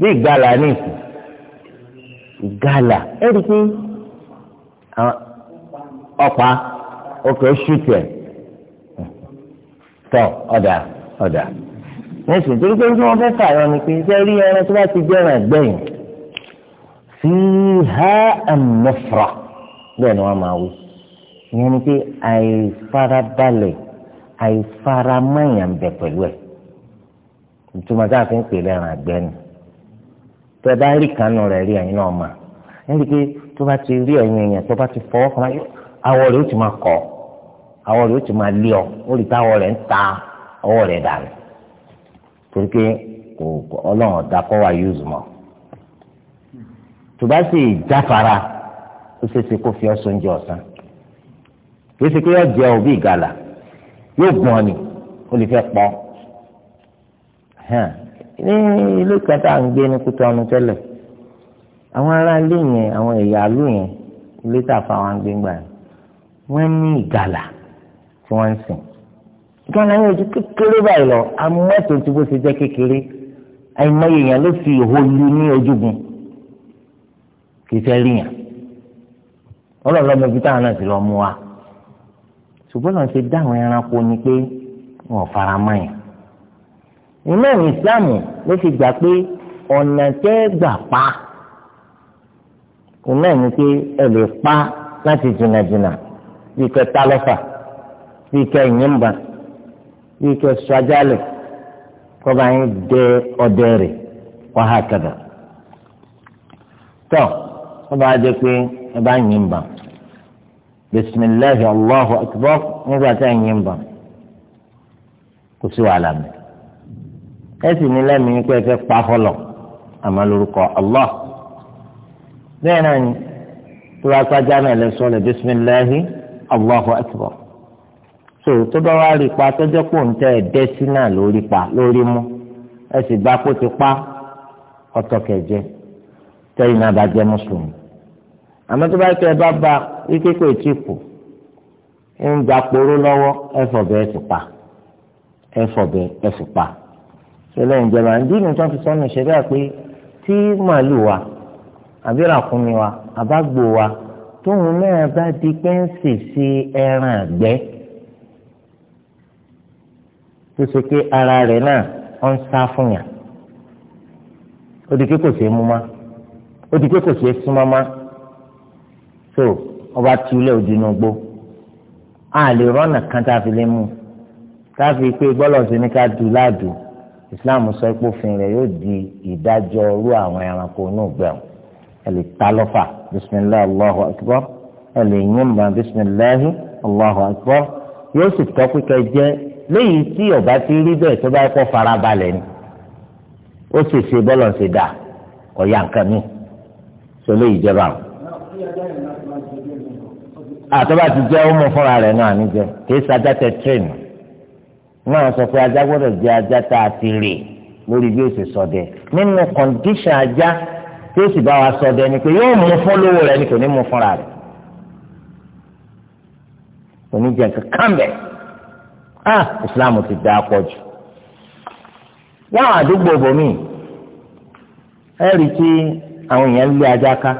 bí ìgalà ní ìsìn ìgalà ẹ̀rí pé ọ̀pá ọkọ̀ ṣùtì ẹ̀ tọ̀ ọ̀dà ọ̀dà nẹ́sìn torí pé wọ́n fẹ́ fààyọ ni pé iṣẹ́ rí ẹran tó bá ti jẹ́ràn ẹ̀gbẹ́yìn sí ha ẹ̀mọ́fra bẹ́ẹ̀ ni wọ́n máa wí ìyẹn ni pé àìfarabalẹ̀. àìfaramáyàn bẹ pẹ̀lú ẹ̀ ìtumọ̀ tá a fi ń pè lẹ́ran àgbẹ̀ ni tó ẹ bá rí kanú rẹ̀ rí ẹ̀yin náà mà ẹni pé tó bá ti rí ẹ̀yin èèyàn tó bá ti fọwọ́ kan awọ rẹ̀ ó ti máa kọ̀ awọ rẹ̀ ó ti máa lé ọ ó rẹ̀ ń ta ọwọ́ rẹ̀ dànù torí yóò gùn ọ ni ó lè fẹ́ pọ̀ ní ìlú kan tá à ń gbé ní Kútọ́nù tẹ́lẹ̀ àwọn ará ilé yẹn àwọn ẹ̀yà ìlú yẹn ilé tá a fa àwọn agbègbè yẹn wọ́n ní ìgalà tí wọ́n ń sìn ìgalà yẹn ojú kékeré báyìí lọ amọ́tò tí bó ṣe jẹ́ kékeré àìmọye yẹn ló fi ìhó lu ní ojúgun kì í fẹ́ rí yẹn ọlọ́ọ̀lọ́mọ ibi táwọn náà ti lọ mú wa ṣùgbọ́n náà ṣe dá àwọn ẹranko ni pé wọn fara mọ́ yẹn ìmọ̀ràn ìsìláàmù ló fi gbà pé ọ̀nà tẹ́ gbà pa ìmọ̀ ni pé ẹ lè pa láti jìnnàjìnnà bí kẹ ta lọ́fà bí kẹ yìnbọn bí kẹ sọ́jálẹ̀ kọ́ba yín dẹ ọdẹ rẹ̀ wàhálà kẹdà tọ́ ọba adé pé ẹ bá yìnbọn. bisimilahi allahu akbar nígbà tá ẹ̀yin ń bọ̀ kò sí wàhálà mi ẹ sì ní lẹ́mìí pé ẹ fẹ́ pa fọlọ̀ àmọ́ lórúkọ allah so tó bá rí pa tọ́jọ́ pò ń ẹ ọtọ kẹjẹ tẹ́yìn náà bá àmọ́ tó bá tẹ bá ba wípé kò tí kù ń gba kporó lọ́wọ́ ẹ̀fọ́ bẹ́ẹ̀ sì pa ẹ̀fọ́ bẹ́ẹ̀ ẹ̀fì pa ṣẹlẹ̀ ìjọba fi sọ́nù ṣẹlẹ̀ pé tí màálù wa àbí ràkúnmi wa àbágbò wa tóun náà bá di pé ń sèse ẹran àgbẹ́ tó ṣe pé ara rẹ̀ náà ọ̀ ń sá fún yàn ó di pé kò ṣeé mú má ó di pé kò ṣeé súnmọ́ má so ọba tiulẹ̀ òdi inú gbó a lè rọ́nà kan tá a fi lè mú tá a fi pé gbọ́dọ̀ sí ní ká du láàdù islam sọ pé òfin rẹ̀ yóò di ìdájọ́ irú àwọn ẹranko inú gbẹ̀rún ẹ lè ta lọ́fà bisimilahi allahu akbar ẹ lè yín ma bisimilahi allahu akbar yóò sì tọ́ pípẹ́ jẹ́ léyìí tí ọba ti rí bẹ́ẹ̀ tó bá kọ́ farabalẹ̀ ni ó sì ṣe bọ́lọ̀ ṣe dà ọ̀ya nǹkan mi sọ léyìí jẹ́ báwọn àtọ́ba ah, ti jẹ́ ọmọ fúnra rẹ̀ náà níjẹ kìí sájà tẹ tírèènì náà sọ pé ajá gbọ́dọ̀ jẹ́ ajá tá a ti rè lórí bí ó sì ṣọdẹ nínú kọ̀ǹdíṣàn ajá tí ó sì bá wa ṣọdẹ ni pé yóò mú fún lówó rẹ̀ ni kò ní mú fúnra rẹ̀ kò ní jẹ nǹkan kan bẹ̀ ah Islam ti dá a pọ̀ jù láwọn àdúgbò bòmíì ẹ rí i tí àwọn èèyàn ń lé ajá ká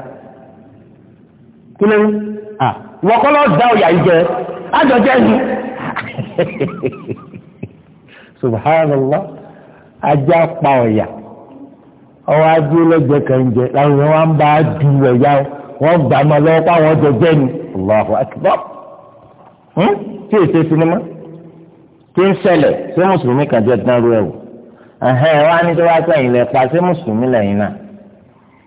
kí ló ń ah wọ́kọ́lọ́ da ọ̀yà yìí jẹ àjọjẹ́ ni subhanallah ajá pa ọ̀yà ọwọ́ ajé lẹ́gbẹ̀ẹ́ kan jẹ láwọn èèyàn wá ń bá a du ọ̀yà wọn gbà má lọ́wọ́ páwọn jọjẹ́ ni allahu akbar tí hmm? èsè sinimá tí ń ṣẹlẹ̀ sí mùsùlùmí kan jẹ́ dánrú ẹ̀wò ẹ̀hẹ́n wá ní tó wá sẹ́yìn lẹ̀ pa sí mùsùlùmí lẹ́yìn náà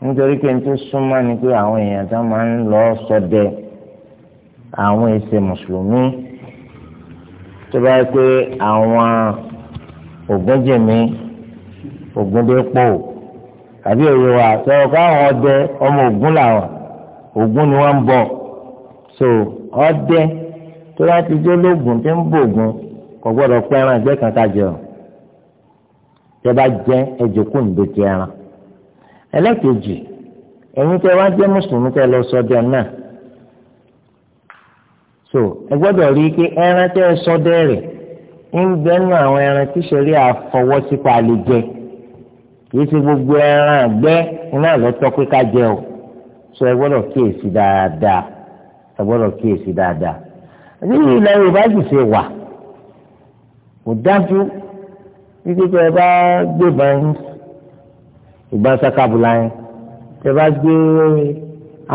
nítorí pé n tó súnmọ́ ni pé àwọn èèyàn tó máa ń lọ sọdẹ. So àwọn èsè mùsùlùmí tó bá yẹ pé àwọn ògúnjèmí ògúndépò àbí òye wa sọ̀rọ̀ káwọn ọdẹ ọmọ ògún làwọn ògún ni wọ́n ń bọ̀ so ọdẹ tó bá ti jó lóògùn tó ń bògùn kò gbọ́dọ̀ pẹ́ran ẹgbẹ́ kankan jẹ ọ́ tẹ bá jẹ ẹjọ kó nìdó ti ẹran ẹlẹ́kejì ẹ̀yin tẹ wá jẹ́ mùsùlùmí tẹ lọ sọ́dọ̀ náà so ẹ gbọ́dọ̀ rí i pé ẹran tẹ́ ẹ sọ dẹ́rẹ̀ ń bẹ nínú àwọn ẹran tí sẹ́rí àfọwọ́sípa lè jẹ kìí ṣe gbogbo ẹran àgbẹ̀ iná lọ́tọ́ pé ká jẹ o so ẹ gbọ́dọ̀ kíyèsí dáadáa ẹ gbọ́dọ̀ kíyèsí dáadáa àti ilẹ̀ Yorùbá sì ṣe wà kò dájú títí tẹ bá gbé ìbọn ìbọn sakabula yẹn tẹ bá gbé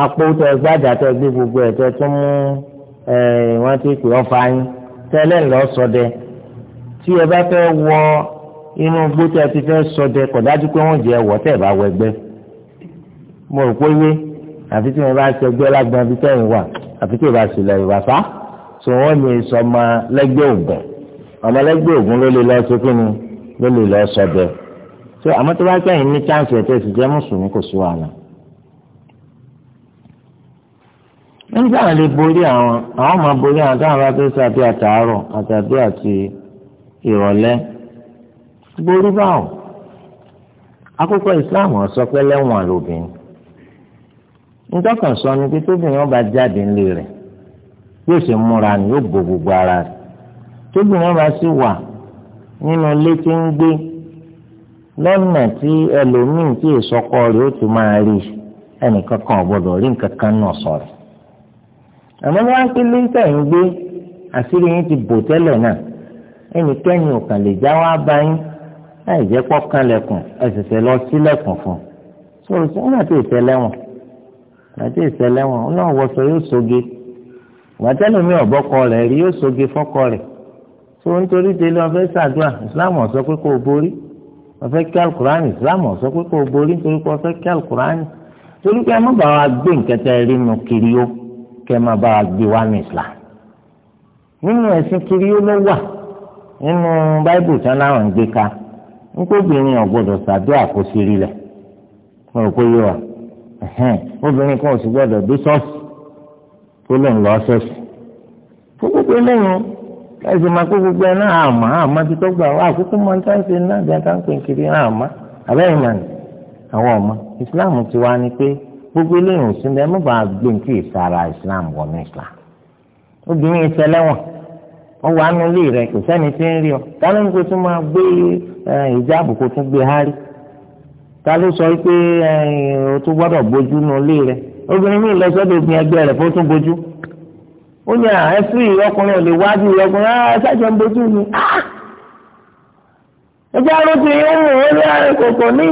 apó tẹ gbàdá tẹ gbé gbogbo ẹ tẹ tún mú wọ́n ti pè ọfà yín tẹ́lẹ̀ ń lọ sọdẹ tí ẹ bá fẹ́ wọ inú gbótẹ́ ẹ ti fẹ́ sọdẹ kò dájú pé wọ́n jẹ́ ẹ̀wọ́ tẹ́ ẹ bá wọ ẹgbẹ́ mo rò pé wé àfi tí wọ́n bá ṣe ẹgbẹ́ lágbọ́n bí tẹ́yìn wà àfi tí ìbá sílẹ̀ ìbá fa tó wọ́n ní sọmọ lẹ́gbẹ́ ògùn ọmọ lẹ́gbẹ́ ògùn ló lè lọ sí kí ni ló lè lọ sọdẹ tó àmọ́ tó bá kẹ́yìn ní chance ẹ̀ tẹ́ sì jẹ́ mùsùlùmí kò sí wàhálà. nígbà wọn lè borí àwọn àwọn máa borí àwọn táwọn bá tó sàbí àtàárọ̀ àtàbí àti borí akókò islam ọ̀sọ́ pé lẹ́wọ̀n lóbìnrin nsọ sọ ni pé tóbìnrin ọba jáde ńlé rẹ̀ yóò ṣe múra ni yóò bo gbogbo ara rẹ̀ tóbìnrin ọba sì wà nínú ilé tí ń gbé lọ́nà tí ẹlòmíì tí ìsọkọ ó máa rí ẹnìkan kan àmọ́ wọ́n á pé lẹ́sẹ̀ ń gbé àṣírí yín ti bò tẹ́lẹ̀ náà ẹnikẹ́ni ò kàn lè já wá bá yín láì jẹ́ pọ́ kanlẹ̀kùn ẹ̀sẹ̀sẹ̀ lọ sílẹ̀kùn fún un sọ̀rọ̀ sí wọn àti ìṣẹ̀lẹ̀wọ̀n àti ìṣẹ̀lẹ̀wọ̀n ọlọ́run wọṣọ yóò soge wàtẹ́lẹ̀ mi ọ̀bọ́kọ rẹ̀ rí yóò soge fọ́kọ rẹ̀ tó ń torí délé ọ̀fẹ́ ṣàdúrà ìsìláàmù ọ̀sọ́ pé kò borí ọ̀fẹ́ kí alukurani ìsìláàmù ọ̀sọ́ pé kò borí torí pé ọ̀fẹ́ kí alukurani torí pé ẹ má bàa gbé nǹkan tẹ́ rí nu kiri yóò kẹ́ máa bá wa gbé wá ní islam nínú ẹ̀sìn kiri ló wà nínú báíbù tí wọn ń gbé ka nkóbìnrin ọ̀gbọ́dọ̀ ṣàdúrà kó sí rí lẹ̀ mo rò pé yé wa obìnrin kan ò sì dé tó lè ń lọ fún gbogbo eléyìí ẹ̀sìn máa kó gbogbo ẹ̀ náà àmọ́ àmọ́ ti tó gbà wá àkókò máa ń tá ṣe náà bí a ká ń pè kiri gbogbo eléyìí òsín lẹ mọba gbé ní kí ìsara islam wọnú islam obìnrin ìṣẹlẹwọn wọn wà nù ilé rẹ kò sẹ́ni tí ń rí ọ ta ló ń kó tún máa gbé ìjáàbù kó tún gbé hárí ta ló sọ pé o tún gbọ́dọ̀ bójú nù ilé rẹ obìnrin mi lọ sọ́dọ̀ obìnrin ẹgbẹ́ rẹ fó tún bójú ó ní àẹ́sì ọkùnrin ò lè wájú ọkùnrin ẹ ṣàjọ ń bójú ni ah! ẹ jẹ́ àrùn tí ń mú ó ní àrùn kòkò níì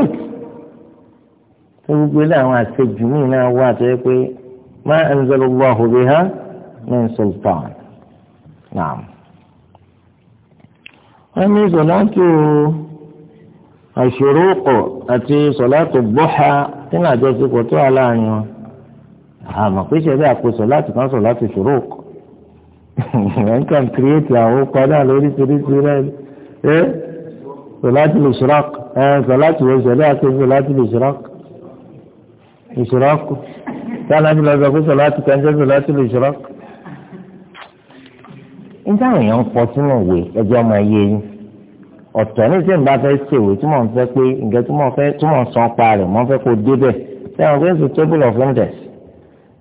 gbogbo ilé àwọn àṣejù míì náà wà tó yẹ pé ma anzalallahu biha min sultan naam. wọ́n ní sọ̀láàtù àṣùrùkọ̀ àti sọ̀láàtù bọ́ha tí náà jọ sí pọ̀ tó wà láàrin wọn àmọ́ pé ṣẹlẹ̀ àkóso láti kan sọ láti ṣùrùkọ̀ ẹ̀ ń kàn kírètì àwọn padà lóríṣiríṣi rẹ̀ ẹ́ sọ̀láàtù lùsùrọ̀kọ̀ ẹ̀ sọ̀láàtù wọ̀ ṣẹlẹ̀ àti sọ̀láàtù lùsùrọ̀kọ̀ ìṣòrakù táwọn àti lọ́sọ̀ pé sọ̀rọ̀ láti kẹ́ńtẹ́ sọ̀rọ̀ láti lè ìṣòrakù. nígbà èèyàn ń pọ̀ sínú ìwé ẹjọ́ ọmọ ẹyẹ yín ọ̀tọ̀ ní sẹ́yìn bá fẹ́ ṣèwé tí mò ń fẹ́ pé nǹkan tí mò ń fẹ́ tí mò ń san pa rẹ̀ mò ń fẹ́ kó dé bẹ̀ sẹ́yìn pé it's a table of index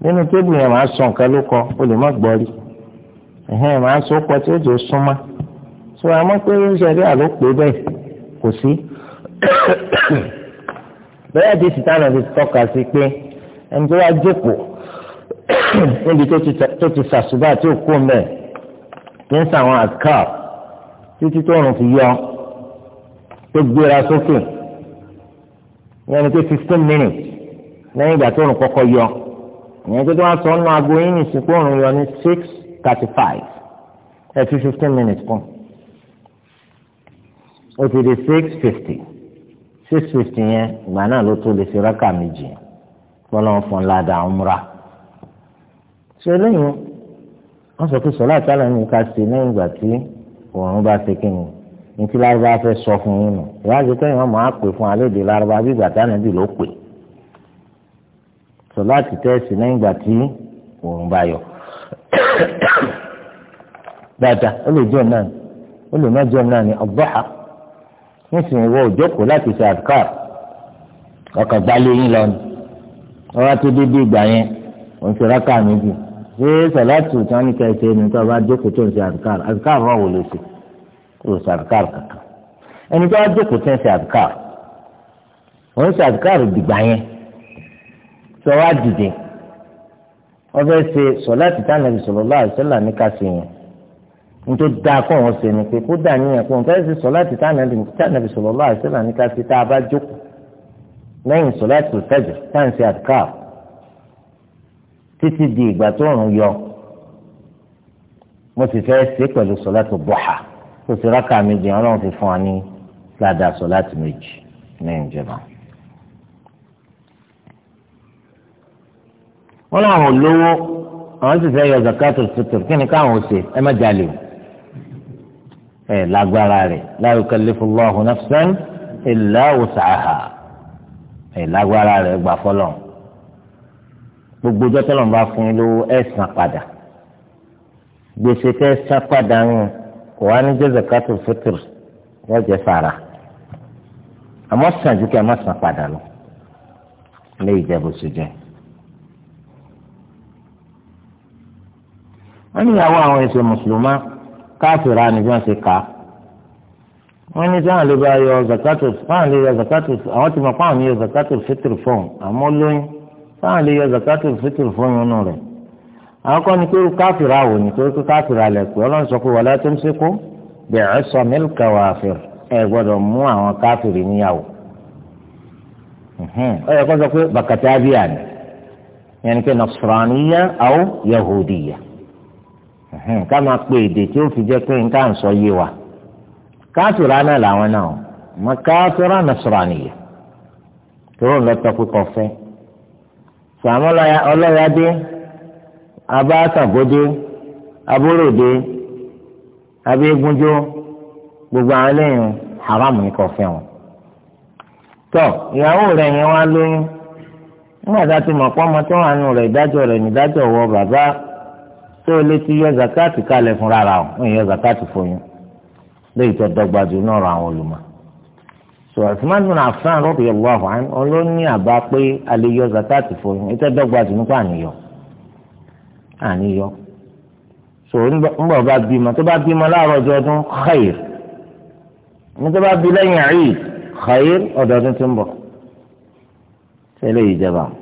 nínú tébù yẹn màá sọ nǹkan ló kọ o lè má gbọ́ rí ẹ̀hẹ́n màá sọ pọ̀ tí ó jọ súnmọ́ sọ àmọ́ pé ó ń ṣẹlẹ̀ àlọ́ pé bẹ́ẹ̀ kò sí bẹ́ẹ̀ di sitana fi tọ́ka sí pé ẹni tó wá jókòó níbi tó ti sàṣùbà tí ò kó mẹ́ẹ̀ ti ń sàwọn àká títí tó rùn fi yọ tó gbéra sókè ìyẹn ni pé fifteen minutes lẹ́yìn ìgbà tó rùn kọ́kọ́ yọ ìyẹn tó tó wá sọ ọ́nà aago yín ní ìsìnkú òrùn yọ ní six thirty five ẹ fi fifteen minutes kún ó ti di six fifty six fifty yẹn ìgbà náà ló tó lè fi rákà méjì fọlọ́n fún ládàá ọmúra ṣe lẹ́yìn wọ́n sọ pé sọlá àtàlà ní ká ṣe lẹ́yìn ìgbà tí òun bá ṣe kí ni ní tí lárúbá fẹ́ sọ fún yín nù ìwádìí kẹ́yìn wọn máa pè fún alẹ́ èdè lárúbá bí ìgbà táwọn ẹbí ló pè sọlá ti tẹ́sí lẹ́yìn ìgbà tí òun bá yọ. dáadáa ó lè jẹun náà ó lè má jẹun náà ní ọgbọ́ha nísìnyí wọ òjókòó láti ṣe àdúkàr ọkàn gbálé yín lọ ni wọn wá tó dédé ìgbà yẹn òun ṣe rákà méjì ṣé sàlátù tí wọn ní ká ṣe ni tó o bá jókòó tó ń ṣe àdúkàr àdúkàr wọn wò lè ṣe kó o ṣe àdúkàr kankan ẹni tó wá jókòó tó ń ṣe àdúkàr òun ṣe àdúkàr dìgbà yẹn sọ wá dìde wọn fẹ́ ṣe sọ̀láàtì tí Ànábì sallallahu nítorí dáa kọ́ wọn ṣe ni pé kó dà níyàn pé nǹkan ẹ̀sìn sọ̀lá ti tánàbì sọ̀rọ̀ lọ́wọ́ àṣẹlá ní ká sí tá a bá jókòó lẹ́yìn sọ̀lá ti fẹ̀jọ̀ tá à ń ṣe àdúrà títí di ìgbà tó rùn yọ mo sì fẹ́ ṣe pẹ̀lú sọ̀lá tó bọ̀hà tó ti rákà méjì ọlọ́run fi fún wa ní ládàá sọ̀lá ti méjì lẹ́yìn ìjọba. wọ́n láwọn olówó àwọn sì fẹ́ yọ zakatul fitr kí ni káwọn ò ṣe ẹ má jalè o ẹ̀ lágbára rẹ̀ la yukallifullahu nafsan illa wus'aha ẹ̀ lágbára rẹ̀ gbà fọlọ́ gbogbo jọ́tọ́lọ́ bá fún yín lówó ẹ̀ san padà gbèsè tẹ́ san padà ń kò wá ní jẹ́ zakatul fitr wọ́n jẹ́ sàrà àmọ́ sàn ju kí a má sàn padà lọ lé ìjẹ́bù sójà. wọ́n ní ìyàwó àwọn ẹ̀sìn mùsùlùmá káfíra ni bí wọ́n ṣe kà á wọ́n ní sáwọn lè bá yọ zakato sáwọn lè yọ zakato àwọn ti mọ̀ fáwọn ní yọ zakato fitiri fún àmọ́ lóyún sáwọn lè yọ zakato fitiri fún yọnu rẹ̀ àwọn kọ́ ni pé káfíra wò ní pé káfíra lẹ̀ pé ọlọ́run sọ pé wà láti ń sekú bẹ̀rẹ̀ sọ mílíkà wà fẹ́ ẹ gbọ́dọ̀ mú àwọn káfíri níyàwó ọ yẹ kó sọ pé bàkàtà bíyà ni yẹn ni pé nasraniya àwọn yahudiya. ká máa pe èdè tí ó fi jẹ́ pé nǹkan sọ yé wa káàtúrà náà làwọn náà mọ káàtúrà náà sọ̀rọ̀ àníyẹ tóró ń lọ tọ́ pípọ̀ fẹ́ ọlọ́yàdé abáṣàgódé abúròdé abégunjó gbogbo àwọn eléyìí haram ní kò wọn. Tọ! ìyàwó rẹ̀ yẹn wá lóyún nígbà tá a ti mọ̀ ọmọ tó wà nù rẹ̀ ìdájọ́ rẹ̀ nídájọ́ bàbá. tó o lè ti yọ zakati kalẹ̀ fún rárá o wọ́n yọ zakati fún yín léyìí tó dọ́gba jù náà rọ àwọn olùmọ̀ so Usman bin Affan radiyallahu anhu ọlọ́ni àbá pé a lè yọ zakati fún yín ètò dọ́gba jù nípa àníyọ àníyọ so ńgbà bá bímọ tó bá bímọ láàárọ̀ ọjọ́ ọdún khair ní tó bá bí lẹ́yìn Eid khair ọdọọdún tó ń bọ̀ tẹ́lẹ̀ ìjẹba o.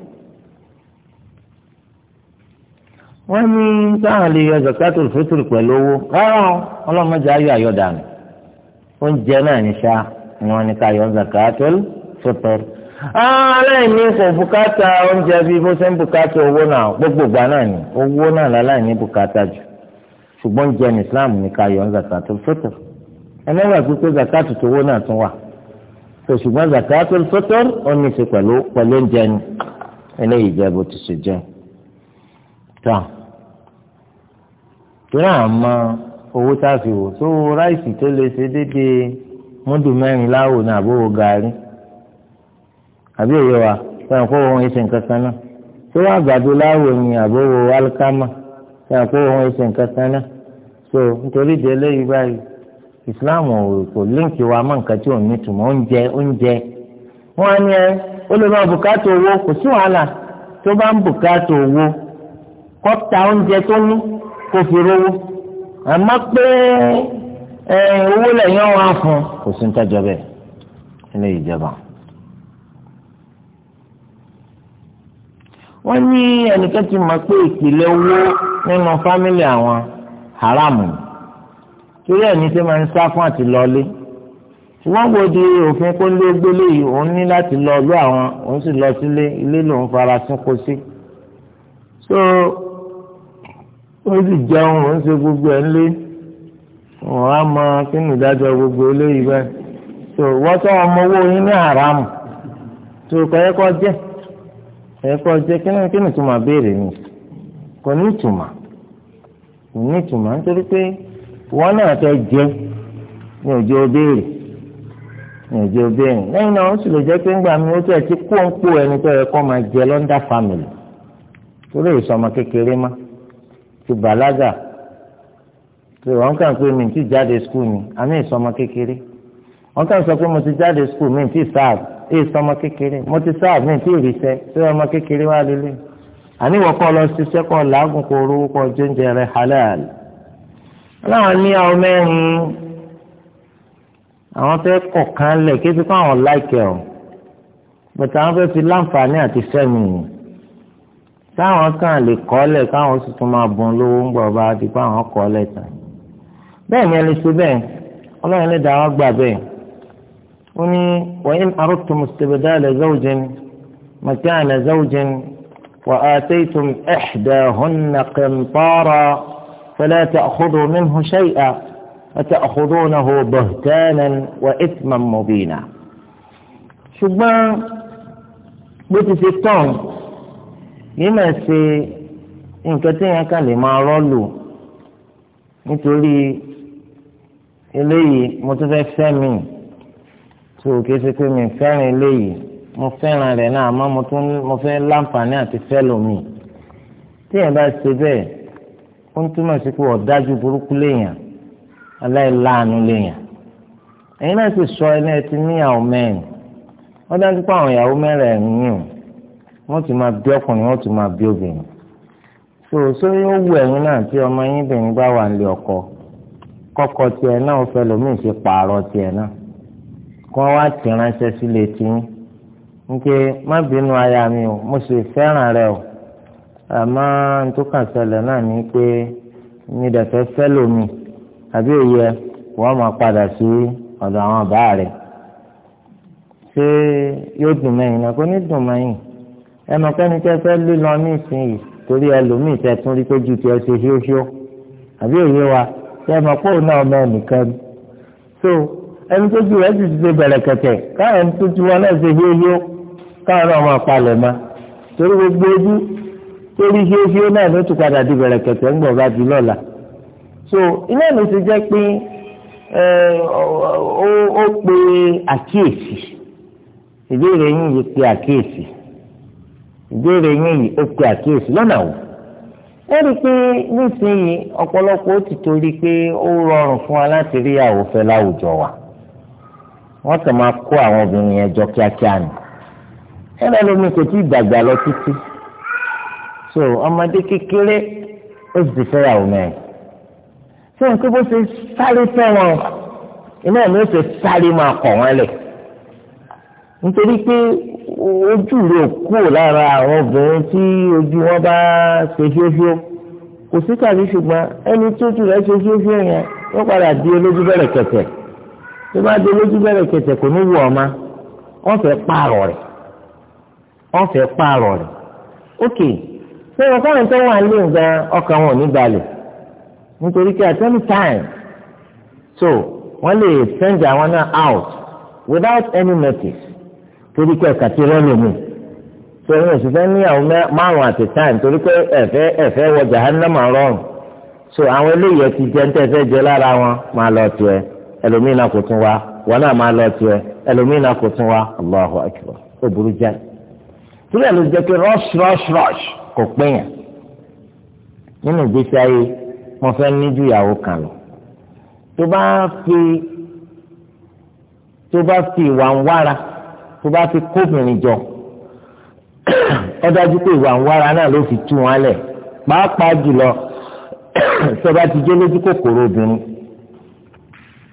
wọ́n ní sáwọn lè yọ zakatul fitr pẹ̀lú owó rárá ọlọ́mọdé ayọ̀ àyọ̀dànù oúnjẹ náà ní sá wọ́n ní ká yọ zakatul fitr aláìní kò bùkátà oúnjẹ bí bó ṣe ń bùkátà owó náà gbogbo ìgbà náà ni owó náà láláìní bùkátà jù ṣùgbọ́n oúnjẹ ní Islam ní ká yọ zakatul fitr ẹlẹ́wà pípé zakatu tó wó náà tún wà tó ṣùgbọ́n zakatu fitr ó ní í ṣe pẹ̀lú pẹ̀lú oúnjẹ ni eléyìí jẹ́ bó ti ṣe jẹ́ tán. torí àmọ́ owó tá a fi wò tó ráìsì tó lè ṣe déédéé múdù mẹ́rin láwò ní àbí òye wa fẹ́ràn kó wọn ṣe nǹkan kan náà tó wà alikama fẹ́ràn kó wọn ṣe nǹkan kan náà so nítorí délé yìí báyìí islam kò líǹkì wa mọ nǹkan tí ò ní tùmọ̀ oúnjẹ oúnjẹ wọn á ní ẹ ó lè máa bùkátà owó kò sí wàhálà tó kó fi rówó àmọ́ pé owó lẹ́yìn ọ̀hún àfọ̀n kò sí ń tẹ́jọ bẹ́ẹ̀ ilé ìjọba. wọ́n ní ẹnìkan ti mọ̀ pé ìpìlẹ̀ owó nínú fámìlì àwọn haramu torí ẹni tí máa ń sá fún àti lọlé ṣùgbọ́n wo di òfin kó lé gbélé yìí òun ní láti lọ lọ àwọn òun sì lọ sílé ilé lòun fara sínkó sí. ó sì jẹun ohun ń ṣe gbogbo ẹ̀ ńlé á mọ gbogbo eléyìí bẹ́ẹ̀ tó wọ́n sọ ọmọ owó yín ní àràmù tó kọ́yẹ́kọ́ jẹ́ kọ́yẹ́kọ́ jẹ́ kí ni kí béèrè ni kò ní ìtumọ̀ kò ní ìtumọ̀ nítorí pé wọ́n náà fẹ́ jẹ́ ní òjò béèrè ní òjò béèrè lẹ́yìn náà sì lè jẹ́ pé ńgbà mi ó tẹ̀ kó ti bàlágà pé wọ́n kàn pé mi ti jáde skul ni àmì ìsọmọ kékeré wọ́n kàn sọ pé mo ti jáde skul mi ti sáàbù èyí sọmọ kékeré mo ti sáàbù mi ti rìṣẹ́ pé ọmọ kékeré wà lélẹ̀ àní wọ́n kọ́ lọ ṣiṣẹ́ kọ́ làágùn kó orówó kọ́ jóúnjẹ rẹ̀ halal aláwọn ní àwọn mẹ́rin àwọn fẹ́ kọ̀ọ̀kan lẹ̀ kí ẹ ti kọ́ àwọn láìkẹ́ ọ̀ bàtà àwọn fẹ́ fi láǹfààní àti fẹ́mi yìí táwọn kan lè kọ́lẹ̀ káwọn sì tún máa bùn lówó ń gbọ̀ bá di pé àwọn kọ́lẹ̀ tán bẹ́ẹ̀ ni ẹni tó bẹ́ẹ̀ ọlọ́run lè dá wa gbà bẹ́ẹ̀ ó ní wa in aradtum istibdala zawjin makana zawjin wa ataytum ihdahunna qintara fala ta'khudhu minhu shay'an wa ta'khudhunahu buhtanan wa ithman mubina ṣùgbọ́n bó ti ṣe tán mímọ̀ ṣe nǹkan téèyàn kàn lè máa rọ́ọ̀lù nítorí eléyìí mo tún fẹ́ fẹ́ mi tó o kì í ṣe pé mi fẹ́ràn eléyìí mo fẹ́ràn rẹ̀ náà àmọ́ mo tún mo fẹ́ láǹfààní àti fẹ́ lómi téèyàn bá ṣe bẹ́ẹ̀ ó ń túmọ̀ sí pé ọ̀dájú burúkú léèyàn aláìláàánú léèyàn ẹ̀yin náà sì sọ ẹ náà ti níyàwó mẹ́rin wọ́n dájú pé àwọn ìyàwó mẹ́rin ẹ̀yìn yìí o. wọ́n ti máa bí ọkùnrin wọ́n ti máa bí obìnrin so sórí ó wù ẹ̀yin náà tí ọmọ yín bìnrin bá wà nílé ọkọ kọ́kọ́ tiẹ̀ náà ó fẹ́ lómi ṣe pààrọ̀ tiẹ̀ náà kó wá ti ránṣẹ́ sílé nke má bínú aya mi o mo sì fẹ́ràn o àmọ́ ntúkàn náà ni pé mi dẹ̀fẹ́ fẹ́ lómi àbí òye wọ́n máa padà sí ọ̀dọ̀ àwọn rẹ̀ ṣé yóò dùn mẹ́yìn náà ẹnìkẹ́ni tẹ́ fẹ́ lílọ ní ìsinyìí torí ẹlòmíì tẹ́ tún rí péjú tiẹ̀ ṣe ṣíóṣíó àbí òye wa tẹ́ ẹ mọ̀ pé òun náà ọmọ ẹnìkan ni. so ẹni tó ju rẹ̀ sì ti ṣe bẹ̀rẹ̀ kẹ̀tẹ̀ káwọn tó ju wọn náà ṣe ṣíóṣíó káwọn náà máa palẹ̀ ma torí gbogbo ojú torí ṣíóṣíó náà ló tún padà di bẹ̀rẹ̀ kẹ̀tẹ̀ ńgbọ̀n bá di lọ́la. so iná mi ti jẹ́ pé ó pe àkíyèsí ìbéèrè yìí pe àkíyèsí ìbéèrè yín yìí ó pe àkíyèsí lọ́nà wò ó rí i pé nísìnyí ọ̀pọ̀lọpọ̀ ó ti torí pé ó rọrùn fún wa láti rí ìyàwó fẹ́ láwùjọ wa wọ́n sì máa kó àwọn obìnrin yẹn jọ kíákíá ni ẹlẹ́ lómi kò tí ì dàgbà lọ títí so ọmọdé kékeré ó sì ti fẹ́ ìyàwó mẹ́rin ṣé nǹkan bó ṣe sáré fẹ́ wọn iná mi ó ṣe sáré máa kọ̀ wọ́n lẹ̀ nítorí pé ojú rẹ̀ kúrò lára àwọn obìnrin tí ojú wọn bá ṣe fíofíó kò sí tàbí ṣùgbọ́n ẹni tí ojú rẹ̀ ṣe fíofíó yẹn wọ́n padà di olójú bẹ̀rẹ̀ kẹ̀tẹ̀ tó bá di olójú bẹ̀rẹ̀ kẹ̀tẹ̀ kò ní wù ọ́ ma wọ́n fẹ́ pààrọ̀ rẹ̀ wọ́n fẹ́ pààrọ̀ rẹ̀ ókè ṣé wọn kọ́ni tó wà lé nǹkan ọkàn wọn ò ní balẹ̀ nítorí pé at any time so wọ́n lè send àwọn náà out without any notice torí pé ẹ̀ka ti rẹ́ lòmù tó ẹ̀yin oṣù fẹ́ níyàwó márùn àti táìm torí pé ẹ̀fẹ́ ẹ̀fẹ́ wọ jahannama rọrùn so àwọn eléyìí ẹ ti jẹ ní tẹ́fẹ́ jẹ lára wọn máa lọ tiẹ̀ ẹlòmíín náà kò tún wá wọn náà máa lọ tiẹ̀ ẹlòmíín náà kò tún wá Allahu akbar ó burú jáì torí ẹ̀ ló jẹ́ pé rush rush rush kò péyàn nínú ìgbésí ayé wọn fẹ́ níjú ìyàwó kan lọ tó bá fi tó bá fi ìwà ń wára tó bá fi kóbìnrin jọ ó dájú pé ìwà ń wára náà ló fi tú wọn lẹ̀ pàápàá jùlọ tó bá ti jẹ́ lójú kòkòrò obìnrin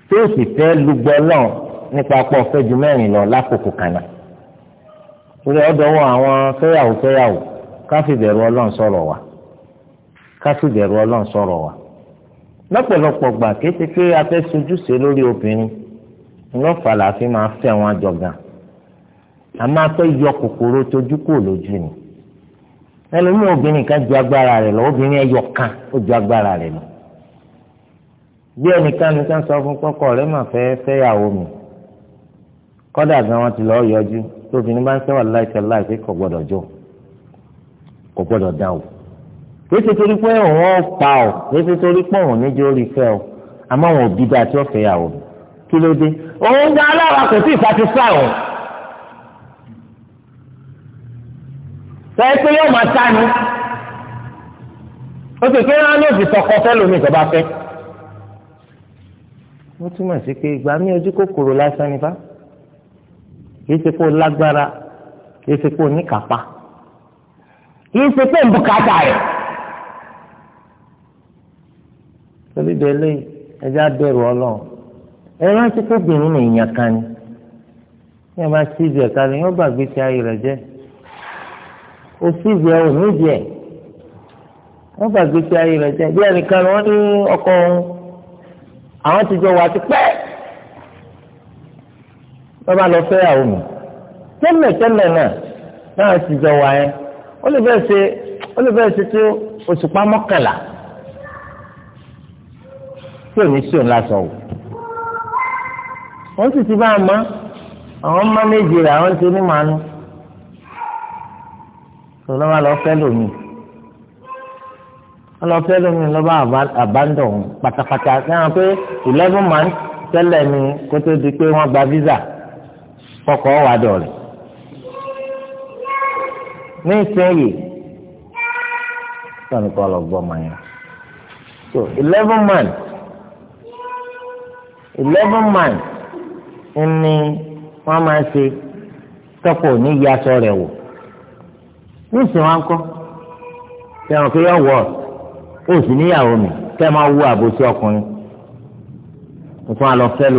tó sì fẹ́ lùgbọ́ náà nípa pọ̀ fẹ́jú mẹ́rin lọ lákòókò kànáà torí ọ̀dọ̀ wọn àwọn fẹ́yàwó fẹ́yàwó ká fi bẹ̀rù Ọlọ́run sọ̀rọ̀ wa ká fi bẹ̀rù Ọlọ́run sọ̀rọ̀ wa lọ́pọ̀lọpọ̀ gbà kété pé afẹ́ sojúṣe lórí obìnrin ńlọ́fà làá fi máa fẹ́ wọn jọ gan àmọ́ apẹ́ yọ kòkòrò tójú kò lójú ni ẹlòmí obìnrin kan ju agbára rẹ̀ lọ obìnrin ẹyọ kan ó ju agbára rẹ̀ lọ bí ẹnìkan nìkan sọ fún kọkọ rẹ̀ mà fẹ́ fẹ́yàwó mi kọ́dà gan wọn ti lọ yọjú tóbìnrin bá ń sẹ́wà láìsẹ̀ láìsẹ̀ kò gbọ́dọ̀ jọ kò gbọ́dọ̀ dá o kéṣe torí pé òun ó pa o kéṣe torí pé òun níjẹ́ orí fẹ́ o àmọ́ òun òbí dáa tí ó fẹ́yàwó kí ló dé òun gan alára kò sí ìsatisfáì òun. sẹ́yìn pé yóò máa tánu ó sì pé wọn yóò fi tọkọ fẹ́lómi ìjọba fẹ́. wọ́n túmọ̀ sí pé ìgbà mi ojú kòkòrò lásán ni bá kìí ṣe kó lágbára kìí ṣe kó níkàápa kìí ṣe kó nbùkátà rẹ̀. torí délé ẹjẹ́ àbẹ̀rù ọlọ́run ẹ rántí pé obìnrin èèyàn kan ni bí wọ́n bá ṣíbi ẹ̀ka ni wọ́n gbàgbé ti ayé rẹ̀ jẹ́ òsì ìwé ẹ̀ òní ìdí ẹ̀ wọ́n gbàgbé tí ayé rẹ̀ jẹ́ bí ẹnìkan wọ́n ní ọkọ òun àwọn ti jọ wà ti pẹ́ wọ́n bá lọ fẹ́ àwọn mi tẹ́lẹ̀ tẹ́lẹ̀ náà náà ti jọ wà yẹn ó lè bẹ́ẹ̀ ṣe ó lè bẹ́ẹ̀ ṣe tó òṣùpá mọ́kànlá tí ò ní sí òun lásán o wọ́n sì ti bá a mọ́ àwọn mánéjì rẹ̀ àwọn ti ní màánú lọ́wọ́ lọ fẹ́ lómi lọ́wọ́ fẹ́ lómi lọ́wọ́ abandon pátápátá sẹ́wọ̀n pé eleven months tẹ́lẹ̀ ni kó tó di pé wọ́n gba visa kọ́kọ́ wà dọ̀rẹ́ ní ìsinyìí sọ́ni kọ́ lọ gbọ́ màá so eleven months eleven months ni wọ́n máa ṣe tọ́pọ̀ ní ìyá rẹ̀ wò. n'isi ìsìn wa ń kọ́ tẹ̀wọ̀n pé yọ wọ̀ níyàwó mi máa wú àbòsí ọkùnrin nǹkan àlọ́ fẹ́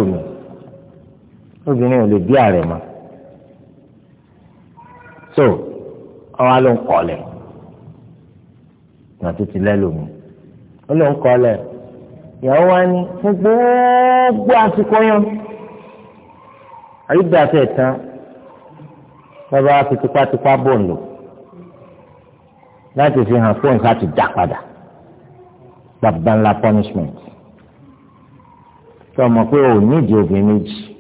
obìnrin ò lè bí ààrẹ mọ́ so ọwọ́ ló ń kọ́lẹ̀ náà tó ti lẹ́lòmí ó ló ń kọ́lẹ̀ ìyàwó wa ní fún gbogbo àsìkò yẹn àti ẹ̀tàn bàbá tipátipá bò ń lò. láti fi hàn fóun ká ti dá padà bàbá ńlá punishment tí ọmọ pé ò nídìí obìnrin méjì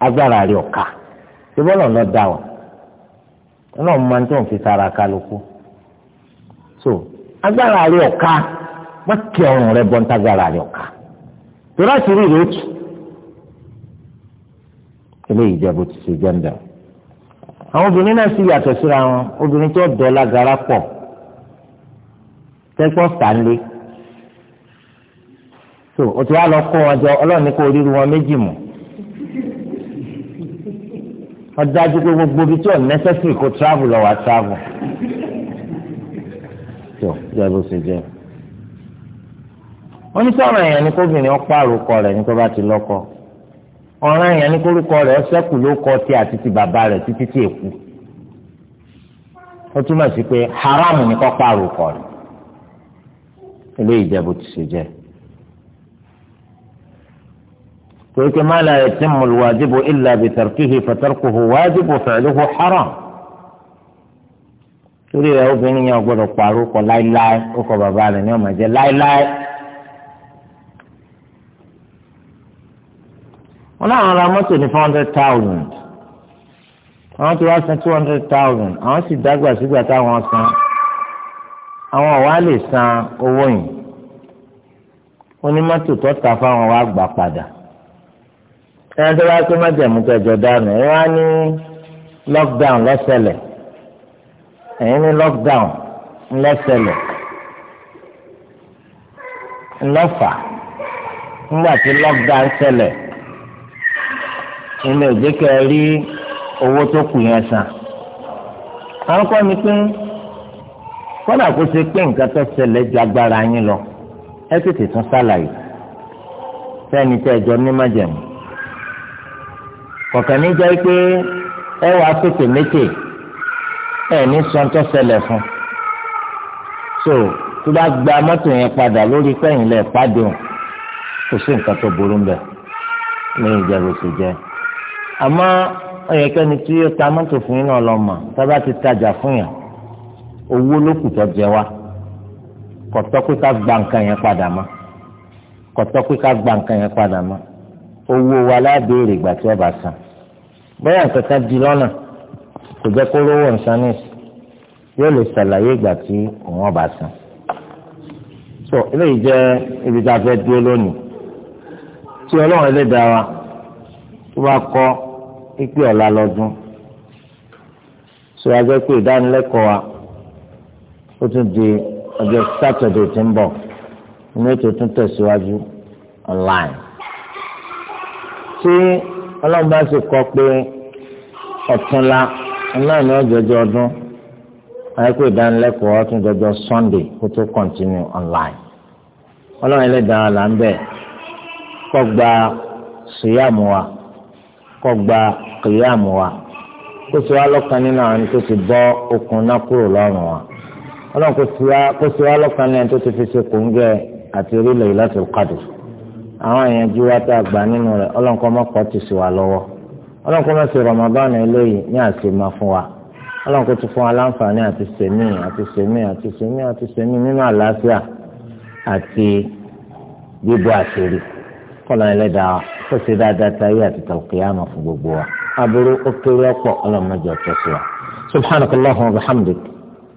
agbára rẹ̀ ọ̀ka tí bọ́lọ̀ lọ dá ọ ọlọ́run máa ń tó ń fi tara kálukú so agbára rẹ̀ ọ̀ka má kí ọrùn rẹ bọ́ ń tágbára rẹ̀ ọ̀ka tó láti rí rèé tù eléyìí jẹ́ bó ti ṣe jẹ́ ń bẹ̀rù àwọn obìnrin náà sì yàtọ̀ síra wọn obìnrin tó dọ̀ lágara pọ̀ tẹ́gbọ́n sàlẹ̀ so o ti wá lọ kó wọn jọ ọlọ́ọ̀ni kó ríru wọn méjì mọ̀ ọdájú pé gbogbo ibi tí ọ̀ nẹ́sẹ̀sìrì kó travel lọ wá travel so jẹ́ bó ṣe jẹ́ wọ́n ní sọ̀rọ̀ èèyàn ní kóbìnrin ọ̀pá àròkọ rẹ̀ ní tó bá ti lọ́kọ ọ̀ràn èèyàn ní kórúkọ rẹ̀ ọ̀sẹ́kù ló kọ tí àti ti bàbá rẹ̀ títí tí èkú ó túmọ̀ sí pé haram ní kọ́ pàrọ̀ kọ̀ rẹ̀ eléyìí jẹ́ bó ti ṣe jẹ́. كيف ما لا يتم الواجب إلا بتركه فتركه واجب وفعله حرام torí ẹ obìnrin yẹn gbọ́dọ̀ pààrọ̀ ọkọ láéláé ọkọ bàbá rẹ̀ ní ọmọ jẹ láéláé wọn náà ra mọ́tò ní four hundred thousand àwọn tó wá san two hundred thousand àwọn sì dágbà sígbà táwọn san àwọn wa lè san owó yìí onímọ́tò tó ta fáwọn wa gbà padà ẹni tó bá pé májèmú tẹjọ dànù ẹ wá ní lockdown lọ́sẹ̀lẹ̀ ẹ̀yin ní lockdown lọ́sẹ̀lẹ̀ ńlọ́fà ńgbà tí lockdown ṣẹlẹ̀ ilé òjèkẹ́ rí owó tó kù yẹn san àwọn kọ́ ni pé kọ́dà kó ṣe pé nǹkan tó ṣẹlẹ̀ ju agbára yín lọ ẹ tètè tún ṣàlàyé sẹ́ni tẹ́ ẹjọ́ ní májẹ̀mú kọ̀ọ̀kan ní jẹ́ pé ẹ wàá pèpè méjì ẹ ní sọ́n tó ṣẹlẹ̀ fún so tó bá gba mọ́tò yẹn padà lórí pẹ́yìn lẹ̀ pàdé o kò sí nǹkan tó burú bẹ́ẹ̀ ní ìjẹ́rù sì jẹ́ àmọ́ ẹ̀yẹ̀kẹ́ni tí ó ta mọ́tò fún yín náà lọ́mọ tá bá ti tajà fún yàn owó ló kù tó jẹ wá kọtọ pé ká gba nǹkan yẹn padà mọ́ kọtọ pé ká gba nǹkan yẹn padà mọ́ owó wa lábéèrè ìgbà tí ọba san bẹ́ẹ̀ nǹkankan di lọ́nà kò jẹ́ kó lówó nǹkan ní yóò lè ṣàlàyé ìgbà tí òun ọba san so eléyìí jẹ́ ibi tá a fẹ́ dúró lónìí tí ọlọ́run ẹlẹ́dàá wa tó bá kọ́ pípé ọ̀la lọ́dún so a jẹ́ pé ìdánilẹ́kọ̀ọ́ wa. ó tún di ọjọ́ sátọ̀dé tí ń bọ̀ inú ètò tún tẹ̀síwájú online. tí ọlọ́run bá sì kọ pé ọ̀túnla náà ní ọjọ́jọ́ ọdún ayẹ́pẹ́ ìdánilẹ́kọ̀ọ́ jọjọ́ sunday kó tó continue online. ọlọ́run ẹlẹ́dàá là ń bẹ̀ kọ́ gba síyàmù wa kọ́ gba kìyàmù wa kó sì wá lọ́kàn nínú àwọn ọlọ́run kò sí wa lọ́kàn lẹ́yìn tó ti fi ṣe kòńgẹ́ àti orí Laylatul Qadr àwọn èèyàn jí wa tá a gbà nínú rẹ̀ ọlọ́run kọ́ mọ́kọ́ ti sí wa lọ́wọ́ ọlọ́run kọ́ mọ́ sí Ramadan eléyìí ní àṣemá fún wa ọlọ́run kò tún fún wa láǹfààní àti sèmí àti sèmí àti sèmí àti sèmí nínú àlàáfíà àti bíbú àṣírí kọ́lọ́ ẹlẹ́dàá kó ṣe dáadáa táyé àti tàlùkìyàmọ̀ fún gbogbo wa aburú ó kéré ọ̀pọ̀ ọlọ́run mọ́jọ tó sí wa subhanakallahu